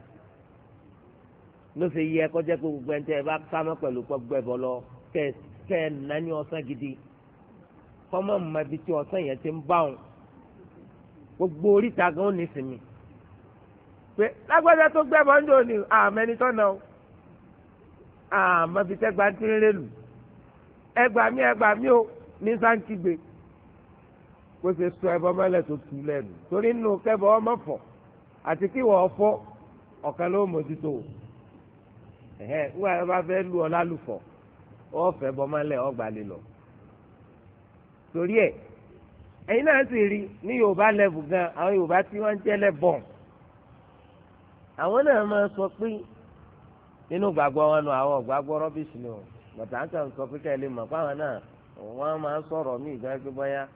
ló ṣe yẹ kọjá pé gbogbo ẹni tẹ ẹ bá kámọ́ pẹ̀lú pọ́gbẹ́ bọ́ lọ kẹ kẹ nání ọ̀sán gidi kọ́mọ́ mọ̀bi tí ọ̀sán yẹn ti ń bá òun gbogbo oríta gan ó ní sinmi pé lágbájá tó gbẹ́bọ̀ ń dò ní àmẹ́ni tọ́nà o àmọ́ fi tẹ́gbà ń tí ń rélù ẹgbàá mi ẹgbàá mi ò ní sáńkì gbé bó se sọ ẹbọ mọ́lẹ̀ tó tu lẹ́nu torí nù kẹbọ ọmọ fọ àti kí wọ́n fọ ọ̀kan ló mójútó ẹ̀hẹ́ bá fẹ́ lu ọ lálùfọ̀ ọ fẹ́ bọ́ mọ́lẹ̀ ọgbà lè lọ. torí ẹ ẹ̀yin náà sì rí ní Yorùbá lẹ́bù gan àwọn Yorùbá tí wọ́n ń jẹ́ lẹ́bọ̀n àwọn náà máa sọ pé nínú gbàgbọ́ wọn àwọn gbàgbọ́ ni o bàtà ń sọ pé mọ̀ náà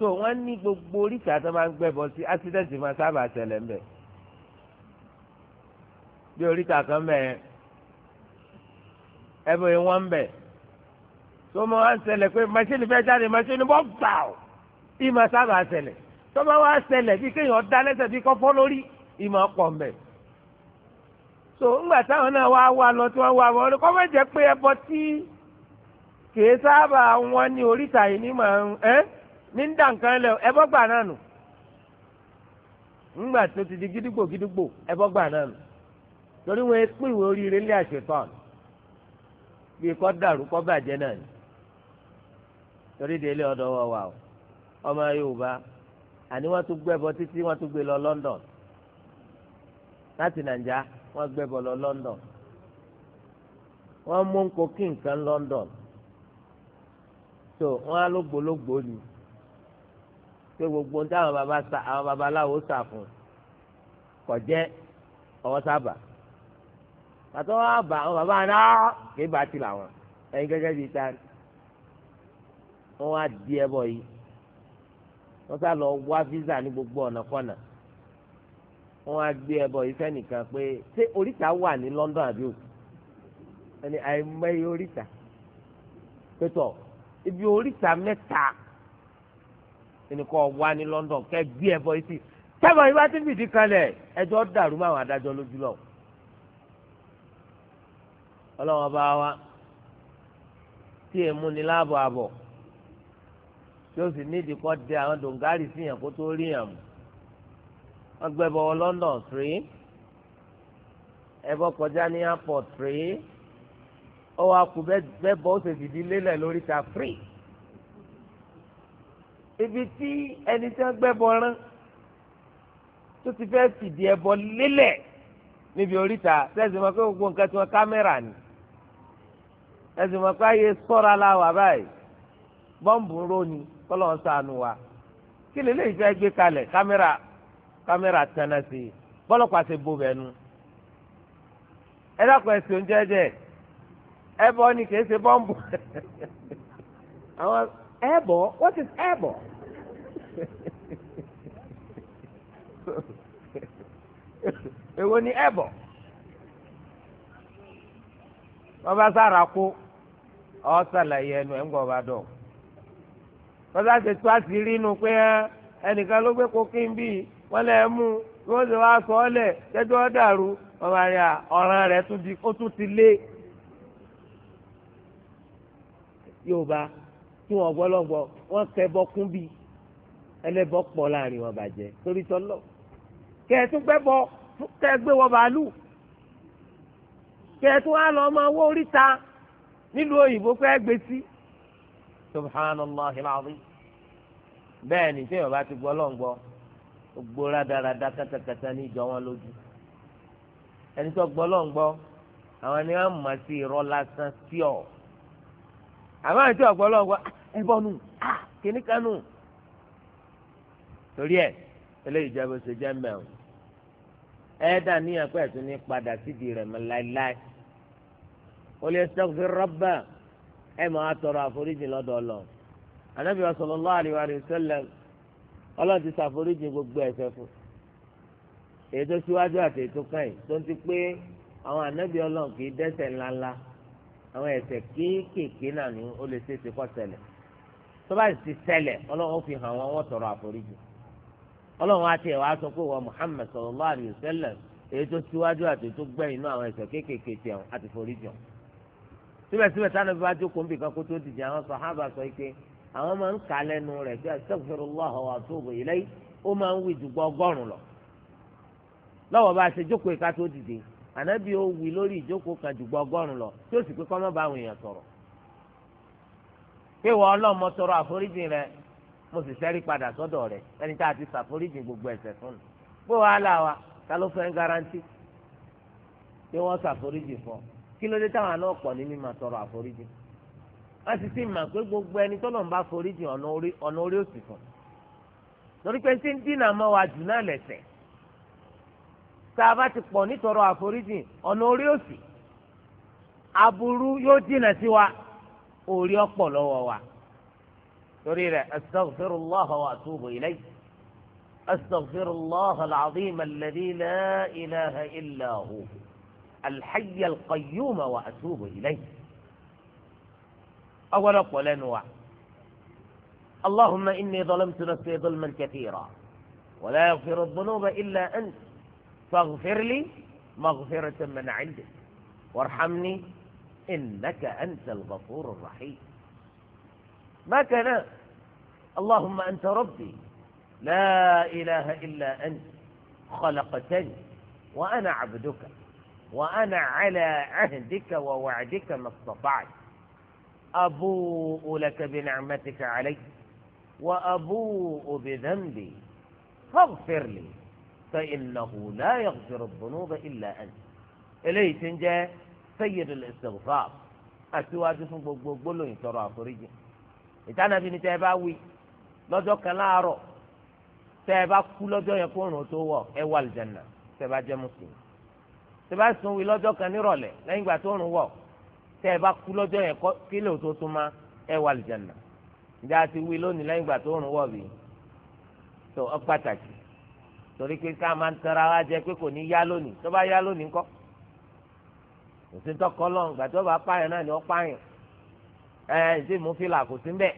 so wọ́n ní gbogbo oríṣà tó máa ń gbẹ́bọ sí accident máa sábà ṣẹlẹ̀ ń bẹ̀ bí oríṣà kan bẹ̀ ẹbọ yìí wọ́n ń bẹ̀ tó máa wá ń ṣẹlẹ̀ pé machine fẹ́ jáde machine bọ́ gbà ó ìmọ̀ sábà ṣẹlẹ̀ tó máa wá ṣẹlẹ̀ bí kéèyàn dá lẹ́sẹ̀ bí kọ́ fọ́ lórí ìmọ̀ pọ̀ ń so ńgbà táwọn náà wá wá lọ tí wọ́n wá wọ́n kọ́ fẹ́ jẹ́ pé ẹbọ tí kì í sábà wọ́n ní oríṣà yìí ní màá ń ẹ́ ní ń dà nǹkan lẹ ẹbọ gbà náà nù ńgbà tó ti di gídígbò gídígbò ẹbọ gbà náà nù torí wọn pín ìwé oríire àṣetán bí kọ́ dàrú kọ́ bàjẹ́ náà ni torí délé ọ̀dọ̀ wọ̀ wà o ọmọ Yorùbá àní wọ́n tún gbẹ́bọ títí wọ́n tún gbé lọ London láti nàìjà lọ London mú nǹkan kí pé gbogbo ní àwọn baba sa àwọn babaláwo sà fún kọjẹ ọwọ sábà pàtó wọn bá àwọn baba náà kì í bá ti làwọn ẹyin gẹ́gẹ́ bíi ta wọn wá di ẹbọ yìí wọn sá lọ wá fíìsà ní gbogbo ọ̀nà kọ́nà wọn wá gbé ẹbọ yìí fẹ́nìkan pé ṣé oríta wà ní London àbí òkú ẹni àìmọye oríta pẹtọ ibi oríta mẹ́ta ẹnìkọ́ wá ní London kẹ́ gbé ẹ bọ́ etí tẹ́gbọ̀n yìí bá ti fìdí kalẹ̀ ẹjọ́ dàrú mọ́ àwọn adájọ́ lójú lọ. ọlọ́wọ́n bá wa tí èmu ni láàbọ̀ àbọ̀ tí ó sì nídìí kọ́ dé àwọn dòǹgárì sí yàn kó tó rí yàn mú. wọ́n gbé bọ̀ London three ẹ̀bọ̀ kọjá ní airport three ó wá kú bẹ́ẹ̀ bọ́ ó sì fìdí lélẹ̀ lóríta three ibi tí ẹni tí wọ́n gbẹ́bọ rán tó ti fẹ́ fìdí ẹbọ lélẹ̀ níbi oríta sẹ́sì mọ̀ pé gbogbo nǹkan tí wọ́n kámẹ́rà ni sẹ́sì mọ̀ pé ayé sọ́ra la wà báyìí bọ́ǹbù ń róni kọ́lọ́ ń sànù wa kí lè léyìí fẹ́ gbé kalẹ̀ kámẹ́rà kámẹ́rà tẹ̀nà sí i bọ́lọ́pàá ti bo bẹ́ẹ̀ nu ẹ dákun ẹsẹ̀ oúnjẹ jẹ ẹ bọ́ ni kì í ṣe bọ́ǹbù àwọn Ebo? What is Ebo? Ewo ni Ebo? Bàbá sára kú, ọ̀ ẹnu ẹ̀ ń gbọ́ bá dọ̀. Bàbá ṣe tú àṣírí inú pé ẹnìkan ló gbé kokéń bíi wọ́n lè mú bí wọ́n ṣe wá sọ ọ́ lẹ̀ jẹ́jọ́ tí wọ́n gbọ́lọ́gbọ́ wọ́n kẹ́ bọ́ kún bí ẹlẹ́bọ pọ̀ láàrin wọn bàjẹ́ torí tọ́lọ́ kẹ́ẹ̀tún pẹ́ bọ́ kẹ́ẹ̀ gbé wọ bàálù kẹ́ẹ̀tún á lọ máa wó oríta nílùú òyìnbó pé gbé sí subhanallah alazim bẹ́ẹ̀ ni tí yorùbá ti gbọ́ lọ́ngbọ́ gbogbo rádaràda kátàkátà ní ìjọ wọn lójú ẹni tó gbọ́ lọ́ngbọ́ àwọn ni wọ́n mọ̀ sí irọ́ lásán sí ọ̀ àti ọ̀gbọ́ ẹbọ nù ah kìnnì kan nù torí ẹ eléyìí jẹ bó ṣe jẹ mẹ o ẹ dà níyàn pé ẹtún ní padà sídìí rẹ mọ láéláé o lè sọfún rọba ẹ máa tọrọ àforíjì lọ́dọ̀ Ọlọ́run anabi wa sallallahu alaihi wa sallam Ọlọ́run ti ṣàforíjì gbogbo ẹ̀ṣẹ̀ fún èyí tó síwájú àti èyí tó kàn tó ń ti pé àwọn anabi Ọlọ́run kì í dẹ́ṣẹ̀ ńláńlá àwọn ẹ̀ṣẹ̀ kéékèèké náà ni ó lè ṣe é ṣe kó ṣẹlẹ̀ tó ti sì ọlọ́run fi hàn wọn wọ́n tọrọ àforíjì ọlọ́run á tiẹ̀ wàá sọ pé wọ́n Muhammad sallallahu èyí tó síwájú àti tó gbẹ̀yìn inú àwọn ẹ̀ṣẹ̀ kéékèèké tiẹ̀ àti foríjì ọ̀hún síbẹ̀síbẹ̀ táwọn bí wàá jókòó níbi kan kó tó sọ pé àwọn máa ń kà á lẹ́nu rẹ̀ a pé wọ́n ọlọ́mọ tọrọ àforíjì rẹ mo sì sẹ́rí padà sọ́dọ̀ rẹ ẹni tá a ti gbogbo ẹ̀ṣẹ̀ fún mi pé wa ta ló fẹ́ garanti pé wọ́n ṣàforíjì fún ọ kí ló dé táwọn tọrọ àforíjì wọ́n sì gbogbo ẹni bá foríjì ọ̀nà orí òsì fún torí pé ń dínà mọ́ wa jù náà tá a bá wa. orí ọ̀pọ̀ lọ́wọ́ wa torí rẹ̀ astaghfirullah wa atubu ilay astaghfirullah al-azim alladhi la ilaha illa hu al-hayy al-qayyum wa atubu ilay ọgbọ́dọ̀ pọ̀ lẹ́nu wa. اللهم إني ظلمت نفسي ظلما كثيرا ولا يغفر الذنوب إلا أنت فاغفر لي مغفرة من عندك وارحمني إنك أنت الغفور الرحيم ما كان اللهم أنت ربي لا إله إلا أنت خلقتني وأنا عبدك وأنا على عهدك ووعدك ما استطعت أبوء لك بنعمتك علي وأبوء بذنبي فاغفر لي فإنه لا يغفر الذنوب إلا أنت إليه تنجى sayyidul istighfar àtiwájú fún gbogbo gbólóyìn tọrọ àforíjì ìtànàbí ni tẹ́ ẹ bá wí lọ́jọ́ kan láàárọ̀ tẹ́ ẹ bá kú lọ́jọ́ yẹn kó rùn tó wọ̀ ẹ wà lìjànà tẹ́ ẹ bá jẹ́ mùsùlùmí tẹ́ ẹ bá sùn wí lọ́jọ́ kan nírọ̀lẹ́ lẹ́yìn ìgbà tó rùn wọ̀ tẹ́ ẹ bá kú lọ́jọ́ yẹn kí lè tó tún má ẹ wà lìjànà ǹjẹ́ a ti wí lónìí lẹ́yìn ìgbà tó rùn wọ̀ bí tó ọ pàtàkì torí pé ká máa ń tara wá jẹ pé kò ní yá lónìí tó bá yá lónìí ńkọ́ kò sí tọkọ lọ́n gbà tí wọ́n bá pààyàn náà ni wọ́n pààyàn ẹ ẹ ṣe mú fìlà kò sí mbẹ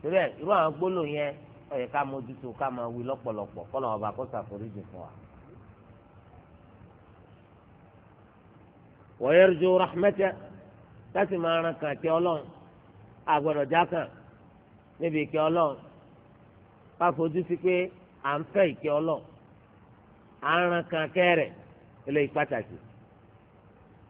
torí ẹ irú àwọn gbólò yẹn ó yẹ ká mójútó ká máa wí lọ́pọ̀lọpọ̀ kọ́ lọ́wọ́ bá kó ṣàforíjì fún wa. wa yarju rahmata láti máa ran kàn kí ọlọ́run àgbọ̀dọ̀ já kàn níbi ìkẹ́ ọlọ́run ká fojú sí pé à ń fẹ́ ìkẹ́ ọlọ́run à ń ran kàn kẹ́ rẹ̀ eléyìí pàtàkì.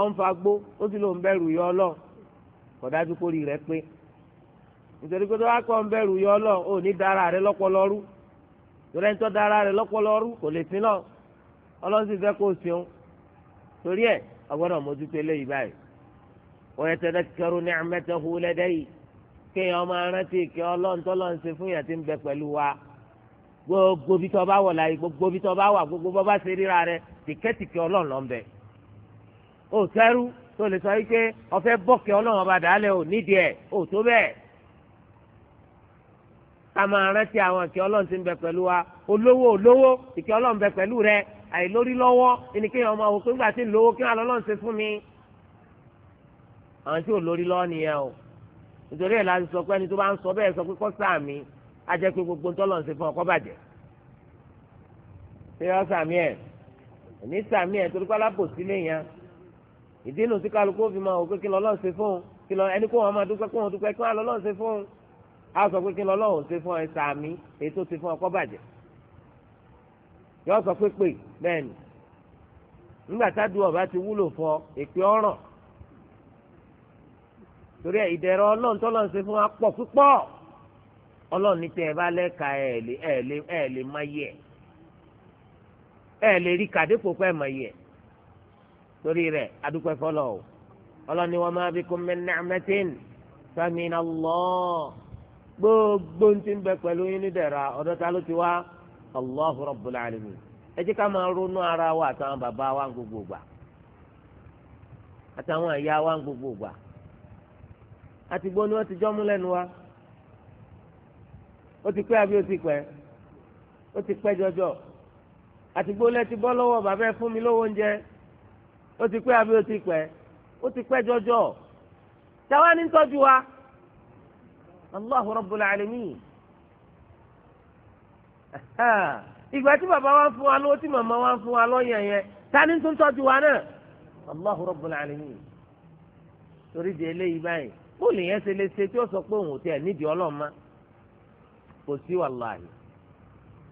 ọ̀ ń fagbó ó sì lóun bẹ̀rù yọ ọlọ́run kò dájú kórì rẹ pé nítorí pé tó wá kọ́ ń bẹ̀rù yọ ọlọ́run ò ní dára rẹ lọ́pọlọ́rú torí ẹni tó dára rẹ lọ́pọlọ́rú kò lè sin náà ọlọ́run sì fẹ́ kó o sin torí ẹ̀ ọgbọ́dọ̀ mójútó eléyìí báyìí wọ́n yẹ tẹ́lẹ̀ kẹrù ní àmẹ́tẹ́hu lẹ́dẹ́yìí kéèyàn ọmọ arántí kẹ́ ọlọ́run tọ́lọ́run wa gbogbo bí tó bá wọ̀ láyé O sẹ́rú tó lè sọ wípé ọ̀fẹ́ bọ́kẹ́ ọlọ́run ọba dàálẹ̀ ò nídìí ẹ̀ ò tó bẹ́ẹ̀ ká máa rántí àwọn ìkẹ́ ọlọ́run ti ń bẹ pẹ̀lú wa olówó olówó ìkẹ́ ọlọ́run bẹ pẹ̀lú rẹ àìlórí lọ́wọ́ ẹni kí ọmọ àwọn òkú ńgbà tí ń lówó kí wọn lọ́lọ́run ṣe fún mi àwọn tí ò lórí lọ́wọ́ nìyẹn o nítorí ẹ̀ la sọ pé ẹni tó bá ń sọ bẹ́ẹ̀ sọ pé kọ́ sàmì á jẹ́ pé gbogbo ńtọ́lọ́run ṣe ní sàmì ẹ̀ torí pé alábòsí lè ìdí inú sí kálukú fi máa wò pé kí lọ lọ́ọ̀ ṣe fún un kí lọ ẹni kó wọn máa dúpẹ́ kó wọn dúpẹ́ kí wọn lọ lọ́ọ̀ ṣe fún un á sọ pé kí lọ lọ́ọ̀ ṣe fún ẹ sàmì èyí tó ṣe fún ọkọ bàjẹ́ yọ sọ pé pè bẹ́ẹ̀ ni nígbà tádùú ọba ti wúlò fọ èpè ọ̀ràn torí ẹ ìdẹ̀rọ ọlọ́run tó lọ́n ṣe fún wa pọ̀ púpọ̀ ọlọ́run ní tẹ́ ẹ bá lẹ́ka ẹ̀ lè má yẹ ẹ̀ lè rí kàdépò torí rẹ̀ adúpẹ́ fọlọ́ o ọlọ́ni wa ma bikum min ni'matin famin Allah gbogbo ń ti bẹ pẹ̀lú yín ní dẹ̀ra ọ̀dọ̀ ta ló ti wá Allahu rabbul alamin ẹ jẹ́ ká máa ronú ara wa àtàwọn bàbá wa ń gbogbo gbà àtàwọn àyà wa gbogbo gbà àti gbọ́ ni wọ́n ti jọ́mú lẹ́nu wa ó ti pẹ́ àbí ó ti pẹ́ ó ti pẹ́ jọjọ àti gbọ́ lẹ́ ti bọ́ lọ́wọ́ bàbá ẹ fún mi lówó oúnjẹ ó ti pẹ́ àbí ó ti pẹ́ ó ti pẹ́ jọjọ táwa ní tọ́jú wa allahu rabbul alamin ìgbà tí bàbá wa ń fún wa lọ́wọ́ tí màmá wa ń fún wa lọ́yàn yẹn ta ni tó ń tọ́jú wa náà allahu rabbul alamin torí di eléyìí báyìí bóòlù yẹn ṣe lè ṣe tí ó sọ pé òun ò tiẹ̀ nídìí ọlọ́run kò sí wàláhì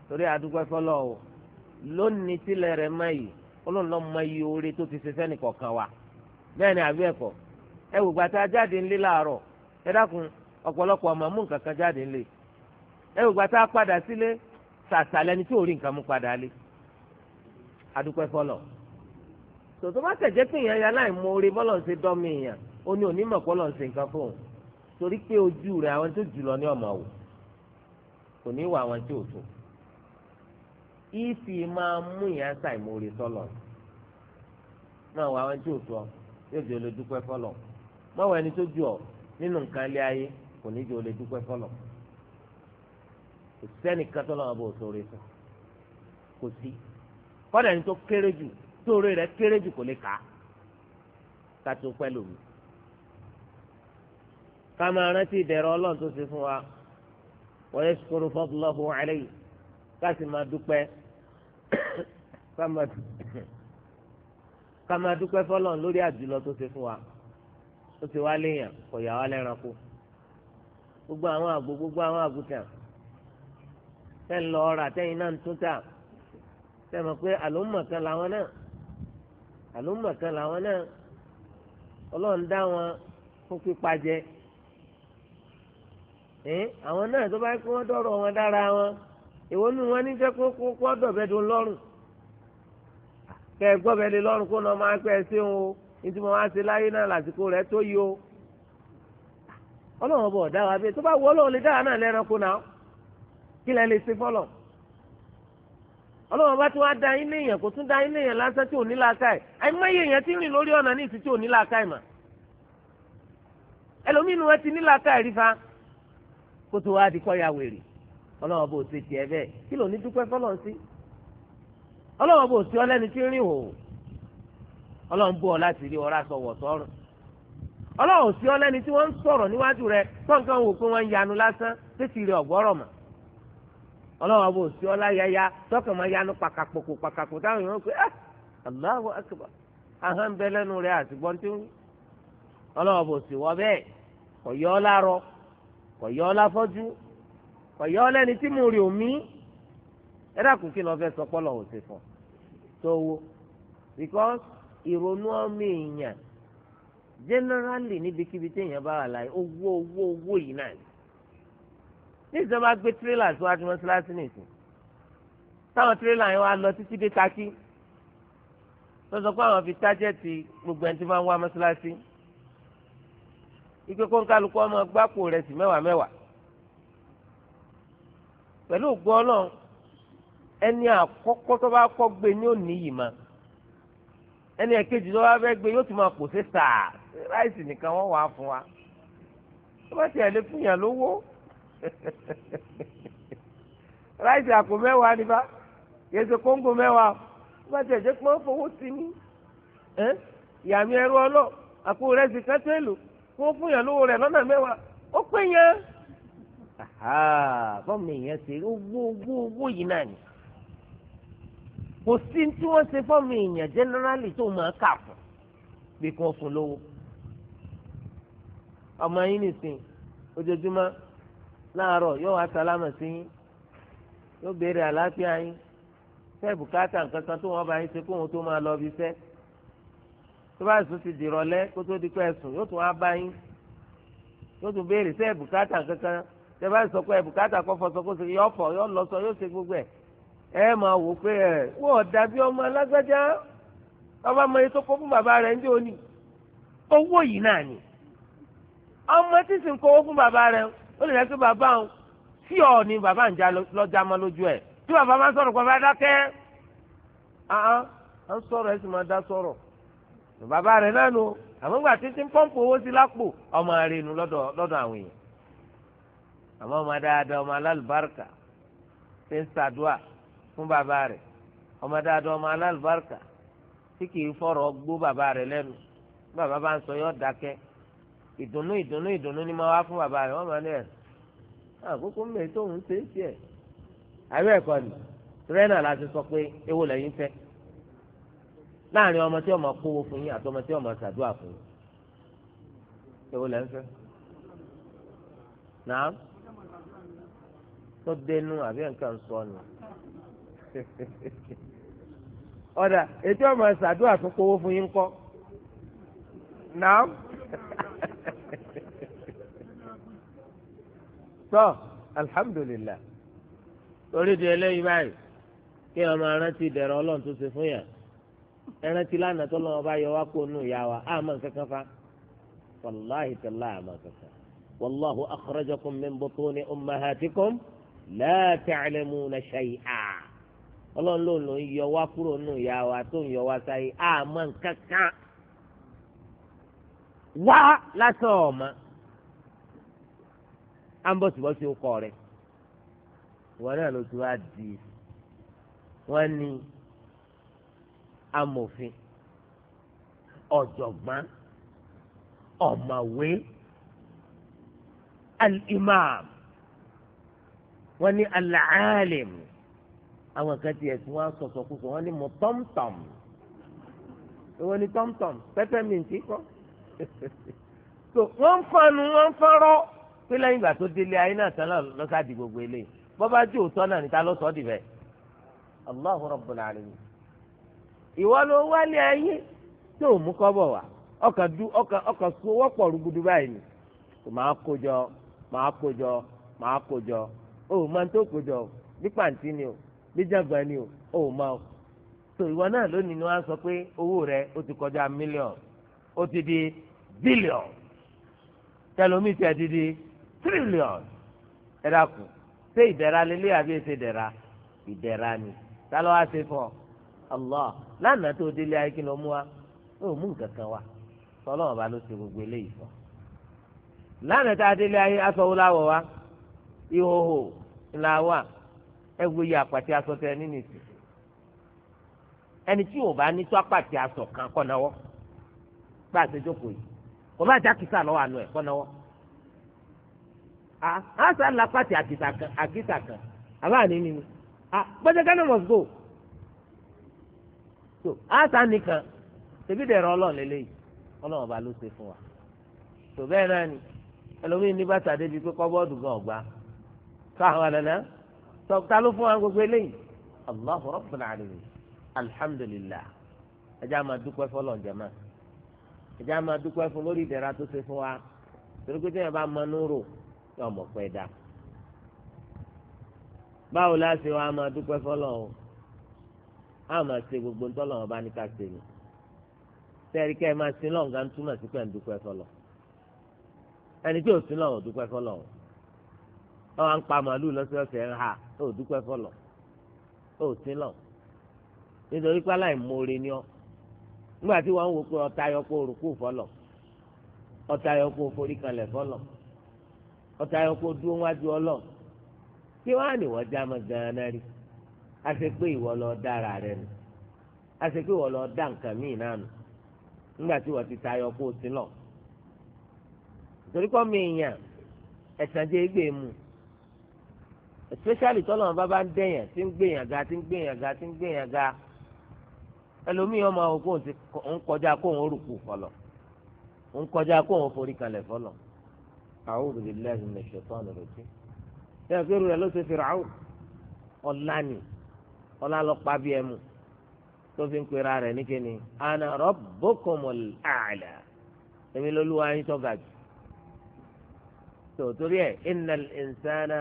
torí adúgbò fọlọ́ o lónìí tilẹ̀ rẹ̀ má yìí ọlọ́run lọ́ọ́ mọ iye oore tó ti ṣe fẹ́ nìkọ̀ọ̀kan wa bẹ́ẹ̀ ni àbí ẹ̀kọ́ ẹ wò gbà tá a jáde ńlé láàárọ̀ ẹ dákun ọ̀pọ̀lọpọ̀ ọmọ mú nǹkan kan jáde ńlé ẹ wò gbà tá a padà sílé sàṣàlẹ̀ ni tí ò rí nǹkan mú padà lé adúpẹ́ fọlọ̀ tòtò bá tẹ̀jẹ́ pé ìyẹn yàrá ìmoore bọ́lọ̀ ń ṣe dọ́mi èèyàn ó ní onímọ̀ pọ́lọ̀ ń ṣe nǹkan fóun torí pé ojú rẹ̀ àwọn tó jùlọ ní ọmọ wò kò ní wà àwọn tí ò tó. ìfì máa mú yẹn ṣàìmórí sọlọ náà wà wọn tí ò sọ yóò di fọlọ mọwọ ẹni tó ju ọ nínú nǹkan ilé ayé kò ní di fọlọ kò sẹ́nìkan o kò sí kọ́dà ẹni tó kéré jù tóore rẹ̀ kéré jù kò lè kà á si tó pẹ́ lòmù rántí ìdẹ̀rọ̀ ọlọ́run tó ṣe fún wa ká máa dúpẹ́ fọlọ́n lórí àjùlọ tó ṣe fún wa ó ti wá léèyàn kò yà wá lẹ́ranko gbogbo àwọn àgbo gbogbo àwọn àgùntàn tẹ́ ń lọ ọ̀rà tẹ́yìn náà ń tún tà tẹ́ mọ̀ pé àlòmọ̀ kan làwọn náà àlòmọ̀ kan làwọn náà ọlọ́run dá wọn fún pípa jẹ ẹ́ àwọn náà tó bá kí wọ́n dọ̀rọ̀ wọn dára wọn. ìwọ nù wọn ní jẹ́ kó kó gbọ́dọ̀ dùn lọ́rùn kẹ́ ẹ lọ́rùn kó náà máa pẹ́ o ní mo máa ṣe láyé náà lásìkò rẹ tó yí o ọlọ́run bọ̀ dára bíi tó bá wọ lè dára náà kí da tún da lásán tí ò ní ti rìn lórí ọ̀nà ní ìsìn tí ò ní ya wèrè ọlọ́wọ́ bò ṣe tiẹ̀ bẹ́ẹ̀ kí ló ní dúpẹ́ fọlọ́ sí ọlọ́wọ́ bò ṣe ọlẹ́ni tí ń rìn hò ọlọ́wọ́ bò ọ láti rí ọ̀rá sọ wọ̀ ọlọ́wọ́ ṣe ọlẹ́ni tí wọ́n ń sọ̀rọ̀ níwájú rẹ tọ́ǹkan wò pé wọ́n ń yanu lásán ọ̀gbọ́rọ̀ mọ̀ ọlọ́wọ́ bò ọlá yaya tọ́kàn máa yanu táwọn èèyàn ń ah, ọ̀yọ́ ọlẹ́ni tí mo rí omi ẹ dákun kí ni wọ́n fẹ́ sọ pọ́lọ̀ òsè fún tó wo because ìrònú ọmọ èèyàn generally níbikíbi téèyàn bá wà láyé owó owó owó yìí náà ni ní ìjọba gbé tírélà síwájú mọ́ṣáláṣí nìsín táwọn tírélà yẹn wá lọ títí dé takí lọ́sọ̀ pé àwọn fi tájẹ́ẹ̀tì gbogbo ẹni tí wọ́n wá mọ́ṣáláṣí ikú kó ń kálukú ọmọ gbáko rẹ̀ sí mẹ́wàá mẹ́wàá pẹ̀lú ògbó ọlọ́run ẹni àkọ́kọ́ tó bá kọ́ gbé ní òní yìí mà ẹni ẹ̀kejì tó bá fẹ́ gbé yóò ti máa pò sí sàá ráìsì nìkan wọ́n wàá fún wa tó bá tiẹ̀ lé fún yàn lówó ráìsì àpò mẹ́wàá ni bá yẹ ṣe kóńgò mẹ́wàá tó bá tiẹ̀ jẹ́ pé fowó sí ni ìyàmì ẹrú ọlọ́ àpò rẹ̀ sì kẹ́tẹ́lù kó fún yàn lówó rẹ̀ lọ́nà mẹ́wàá ó pé yẹn bọ́ọ̀mù èèyàn ṣe owó owó owó yìí náà ni kò sí tí wọ́n ṣe fọ́ọ̀mù èèyàn generally tó máa kà fún bí kò fún lówó ọmọ yín nìsín ojoojúmọ́ láàárọ̀ yóò wá sálámà sí yín yóò béèrè àlàáfíà yín fẹ́ bùkátà nǹkan kan tó wọ́n bá yín ṣe kóhun tó máa lọ bí iṣẹ́ tó bá sùn ti dìrọ̀lẹ́ kó tó di pẹ́ sùn yóò tún wá bá yín yóò tún béèrè fẹ́ bùkátà nǹkan kan tẹ́lẹ̀ bá sọ pé ẹ̀bùkátà kọ́ fọṣọ kó ṣe yọ ọ̀fọ̀ yọ lọ́sọ yóò ṣe gbogbo ẹ̀ ẹ máa wò pé ẹ wọ́n dàbí ọmọ alágbájá ọba mọ ètò kó fún bàbá rẹ̀ ńjẹ́ òní owó yìí náà ni ọmọ tí sì ń kówó fún bàbá rẹ̀ ó lè lẹ́sẹ̀ bàbá òun tí ọ̀ ni bàbá ń já lọ́jà mọ́ lójú ẹ̀ tí bàbá máa sọ̀rọ̀ bàbá dákẹ́ ahán à ń sọ̀rọ̀ ẹ sì máa dá sọ̀rọ̀ àmọ́ ọmọ dáadáa ọmọ alálùbáríkà ṣe ń ṣàdúà fún bàbá rẹ̀ ọmọ dáadáa ọmọ alálùbáríkà tí kì í fọ̀rọ̀ gbó bàbá rẹ̀ lẹ́nu bàbá bá ń sọ yọ dákẹ́ ìdùnnú ìdùnnú ìdùnnú ni máa wá fún bàbá rẹ̀ wọ́n máa ní ẹ̀ àkókò mẹ́rin tó ń ṣe é tiẹ̀ àbẹ́ ẹ̀kọ́ ni tírẹ́nà la ti sọ pé èwo lẹ́yìn fẹ́ láàrin ọmọ tí ọmọ kówó fún yín àti tí ọmọ ṣàdúà fún yín èwo lẹ́yìn fẹ́ nàá tó dénú àbí nǹkan sọ nù. ọ̀dà ètò ọmọ ṣàdúrà tó kówó fún yín kọ́ náà tọ́ alhamdulillah torí di eléyìí báyìí kí ọmọ arántí dẹ̀rọ ọlọ́run tó ṣe fún yàn ẹrántí lánàá tó lọ́wọ́ bá yọ wá kó nù ìyá wa àmọ́ kankan fa wàláhi tẹ̀lá àmọ́ kankan wàláhu akhrajakum min butuni ummahatikum la ta'lamuna shay'a ọlọ́run ló ń lò ń yọ wá kúrò nù ìyá wa tó ń yọ wá sáyé àmọ́ nǹkan kan wá lásán ọ̀mọ́ à ń bọ̀ síbọ̀ sí ọkọ rẹ̀ ìwọ náà ló ti wá di wọ́n ní amòfin ọ̀jọ̀gbọ́n ọ̀mọ̀wé al-imam wọ́n ní alaalim àwọn kan tiẹ̀ tí wọ́n á sọ̀sọ̀ kú sọ wọ́n ní mo tọ́mtọ́m ìwọ ni tọ́mtọ́m so wọ́n ń fọnu wọ́n ń fọ́rọ́ pé lẹ́yìn ìgbà tó délé ayé náà tán náà lọ́sàdì gbogbo eléyìí bọ́bá jù òótọ́ náà níta lọ́sọ̀ọ́ dìbẹ̀ Allahu Rabbul Alamin ìwọ ló wálé ayé tó o mú kọ́bọ̀ wá ọkàn dú ọkàn ọkàn so wọ́pọ̀ rúgudu báyìí ni màá kójọ màá kójọ màá kójọ o ò máa tó kojọ o bí pàǹtí ni o bí jàgbá ni o o máa o tó ìwọ náà lónìí ni wọ́n sọ pé owó rẹ o ti kọjá mílíọ̀n o ti di bílíọ̀n tẹlomi ti di tírílíọ̀n ẹ dákun ṣé ìdẹ̀ra lélẹ́ àbí ẹsẹ̀ dẹ̀ra Ibera ni ta wá ṣe Allah lánàá tó délé ayé kí ló mú wa ó mú nǹkan kan wa sọlọ́wọ́n ló ṣe gbogbo eléyìí fún lánàá tá a ihoho ńlá wà ẹ àpàtì aṣọ tẹ nínú ìsìn ẹni tí ò bá ní tó àpàtì aṣọ kan kọ́ náwó gbà yìí kò bá já kìsà lọ́wọ́ ẹ ẹ̀ kọ́ náwó ah, a sá la àkìsà kan àkìsà kan nínú ah, gánà go so àṣà nìkan ọba ló ṣe fún wa náà ni ẹlòmíín ní bàtà débi pé kọbọọdù gan ọgbà sáwọn àlànà sọ̀tà ló fún wa gbogbo eléyìí allahu rabbil alamin alhamdulillah ẹjẹ́ a máa dúpẹ́ fọlọ́ jama ẹjẹ́ a máa dúpẹ́ fún lórí ìdẹ̀ra tó ṣe fún wa torí pé téèyàn bá mọ núrò yóò mọ̀ pẹ́ dá báwo la ṣe wa máa dúpẹ́ fọlọ́ o a máa ṣe gbogbo ń tọ́lọ̀ wọn bá ní ká ṣe ni sẹ́ẹ̀rí kẹ́ ẹ máa ṣe lọ́ǹgá ń túmọ̀ sí pé ń dúpẹ́ fọlọ́ ẹni tí ò sí lọ́wọ́ dúpẹ́ fọlọ́ o. wọn ń pa màálù ń ha ó dúpẹ́ fọlọ̀ ó sí lọ nítorí pé aláìmoore ni ọ nígbà tí wọn ń wo pé ọta ayọkọ òrùkú fọlọ̀ ọta ayọkọ ọta ọlọ wọn á ní wọn já a ṣe pé ìwọ lọ dára rẹ nù a ṣe pé lọ dá nǹkan míì náà nù nígbà tí wọn ti ta ayọkọ lọ torí mi ẹ̀sán mu especially tọ́lọ́mọ bá bá ń dẹ̀yàn tí ń gbèyàn ga tí ń gbèyàn ga tí ń gbèyàn ga ẹlòmíì ọmọ òkú ń kọjá kó òun rúkú fọlọ ń kọjá kó òun forí kalẹ̀ fọlọ a'udhu billahi minash shaitani rajim bẹ́ẹ̀ kí irú rẹ̀ ló ṣe Fir'aun ọ̀la ni ọ̀la lọ pa bí ẹmu tó fi ń pera rẹ̀ ní kíni ana rabbukumul a'la èmi lólúwa yín tó ga jù tòótórí ẹ̀ innal insana.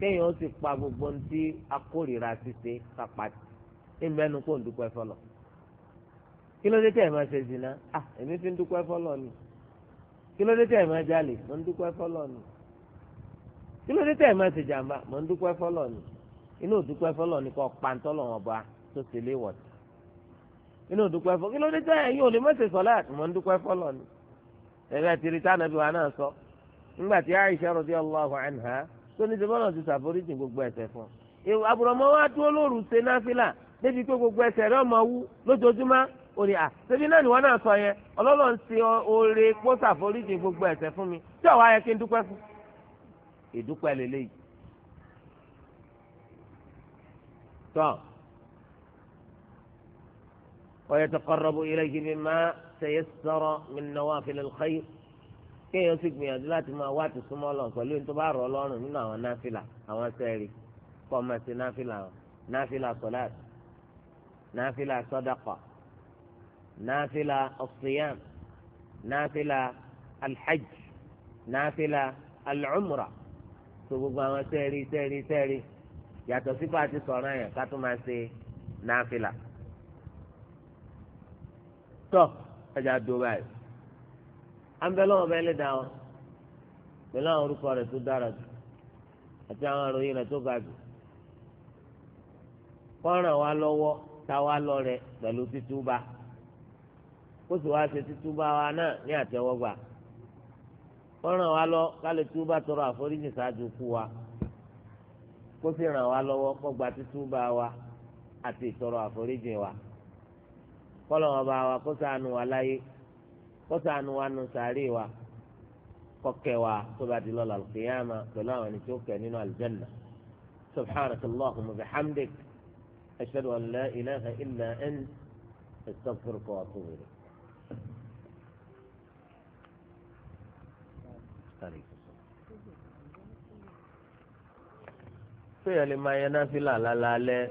kéèyàn ó sì pa gbogbo ohun tí akórìíra ṣíṣe kápátì ìmẹ́nu kò ń dúpẹ́ fọlọ́ kí ló dé tẹ̀ ẹ̀ máa ṣe zina ah èmi fi ń dúpẹ́ fọlọ́ ni kí ló dé tẹ̀ ẹ̀ máa jalè mo ń dúpẹ́ fọlọ́ ni kí ló dé tẹ̀ ẹ̀ máa ṣe jàmbá mo ń dúpẹ́ fọlọ́ ni inú òdúpẹ́ fọlọ́ ni kò pàǹtọ́ lọ́wọ́ ọba tó ṣe léwọ̀tì inú òdúpẹ́ fọlọ́ kí ló dé tẹ̀ ẹ̀yin ò lè má ṣe sọ́lá ń dúpẹ́ fọlọ́ ni ẹ̀rẹ́ tìrìtà nàbí wa náà sọ nígbà tí Aisha radiyallahu anha tó ní sẹ́fọ́nà ti ṣàforíjì gbogbo ẹ̀ṣẹ̀ fún un. àbùrọ̀mọ́ wa dúró lóru ṣe náfìlà débi pé gbogbo ẹ̀ṣẹ̀ rẹ̀ ọmọ wú lójoojúmọ́ ó à ṣebí náà ni wọ́n náà sọ yẹn ọlọ́lọ́run ṣe oore kó ṣàforíjì gbogbo ẹ̀ṣẹ̀ fún mi tí ọ̀wá yẹ kí n dúpẹ́ fún. ìdúpẹ́ lélẹ́yìí. tọ́ ويتقرب إليه بما تيسر من نوافل الخير kéèyàn sì gbìyànjú láti máa wá ti súnmọ́ lọ pẹ̀lú ní tó bá rọ̀ ọlọ́run nínú àwọn náfìlà àwọn sẹ́ẹ̀rì kọ́ ọmọ sí náfìlà wọn náfìlà sọ́láàt náfìlà sọ́dàkọ̀ náfìlà ọ̀sìyàm náfìlà alhajj náfìlà alcumra tó gbogbo àwọn sẹ́ẹ̀rì sẹ́ẹ̀rì sẹ́ẹ̀rì yàtọ̀ sí bá sọ̀rọ̀ yẹn ká tó máa ṣe náfìlà. tọ́ ẹja anbẹ́lẹ́ wọn bẹ́ẹ̀ lé dá wọn pẹ̀lú àwọn orúkọ rẹ̀ tó dára jù àti àwọn àròyìn rẹ̀ tó ga jù kọ́ràn wa lọ́wọ́ ta wa lọ́rẹ̀ pẹ̀lú títúbà kó sì wá ṣe títúbà wa náà ní àtẹ́wọ́gbà kọ́ràn wa lọ kálẹ̀ túbà tọrọ àforíjì ṣáájú kú wa kó sì ràn wá lọ́wọ́ kó wa àti ìtọrọ àforíjì wa kọ́lọ̀ wọn bá wa kó ṣàánú wa láyé. kọ́sàánú wa nù sàárè wa kọ́kẹ́ wa tó bá di lọ́la alqiyama pẹ̀lú àwọn ẹni tó kẹ́ nínú aljanna subhanaka allahumma bihamdik ashhadu an la ilaha illa ant astaghfiruka wa atubu ilayk. sèyàn lè máa yẹn náà sí làlálẹ́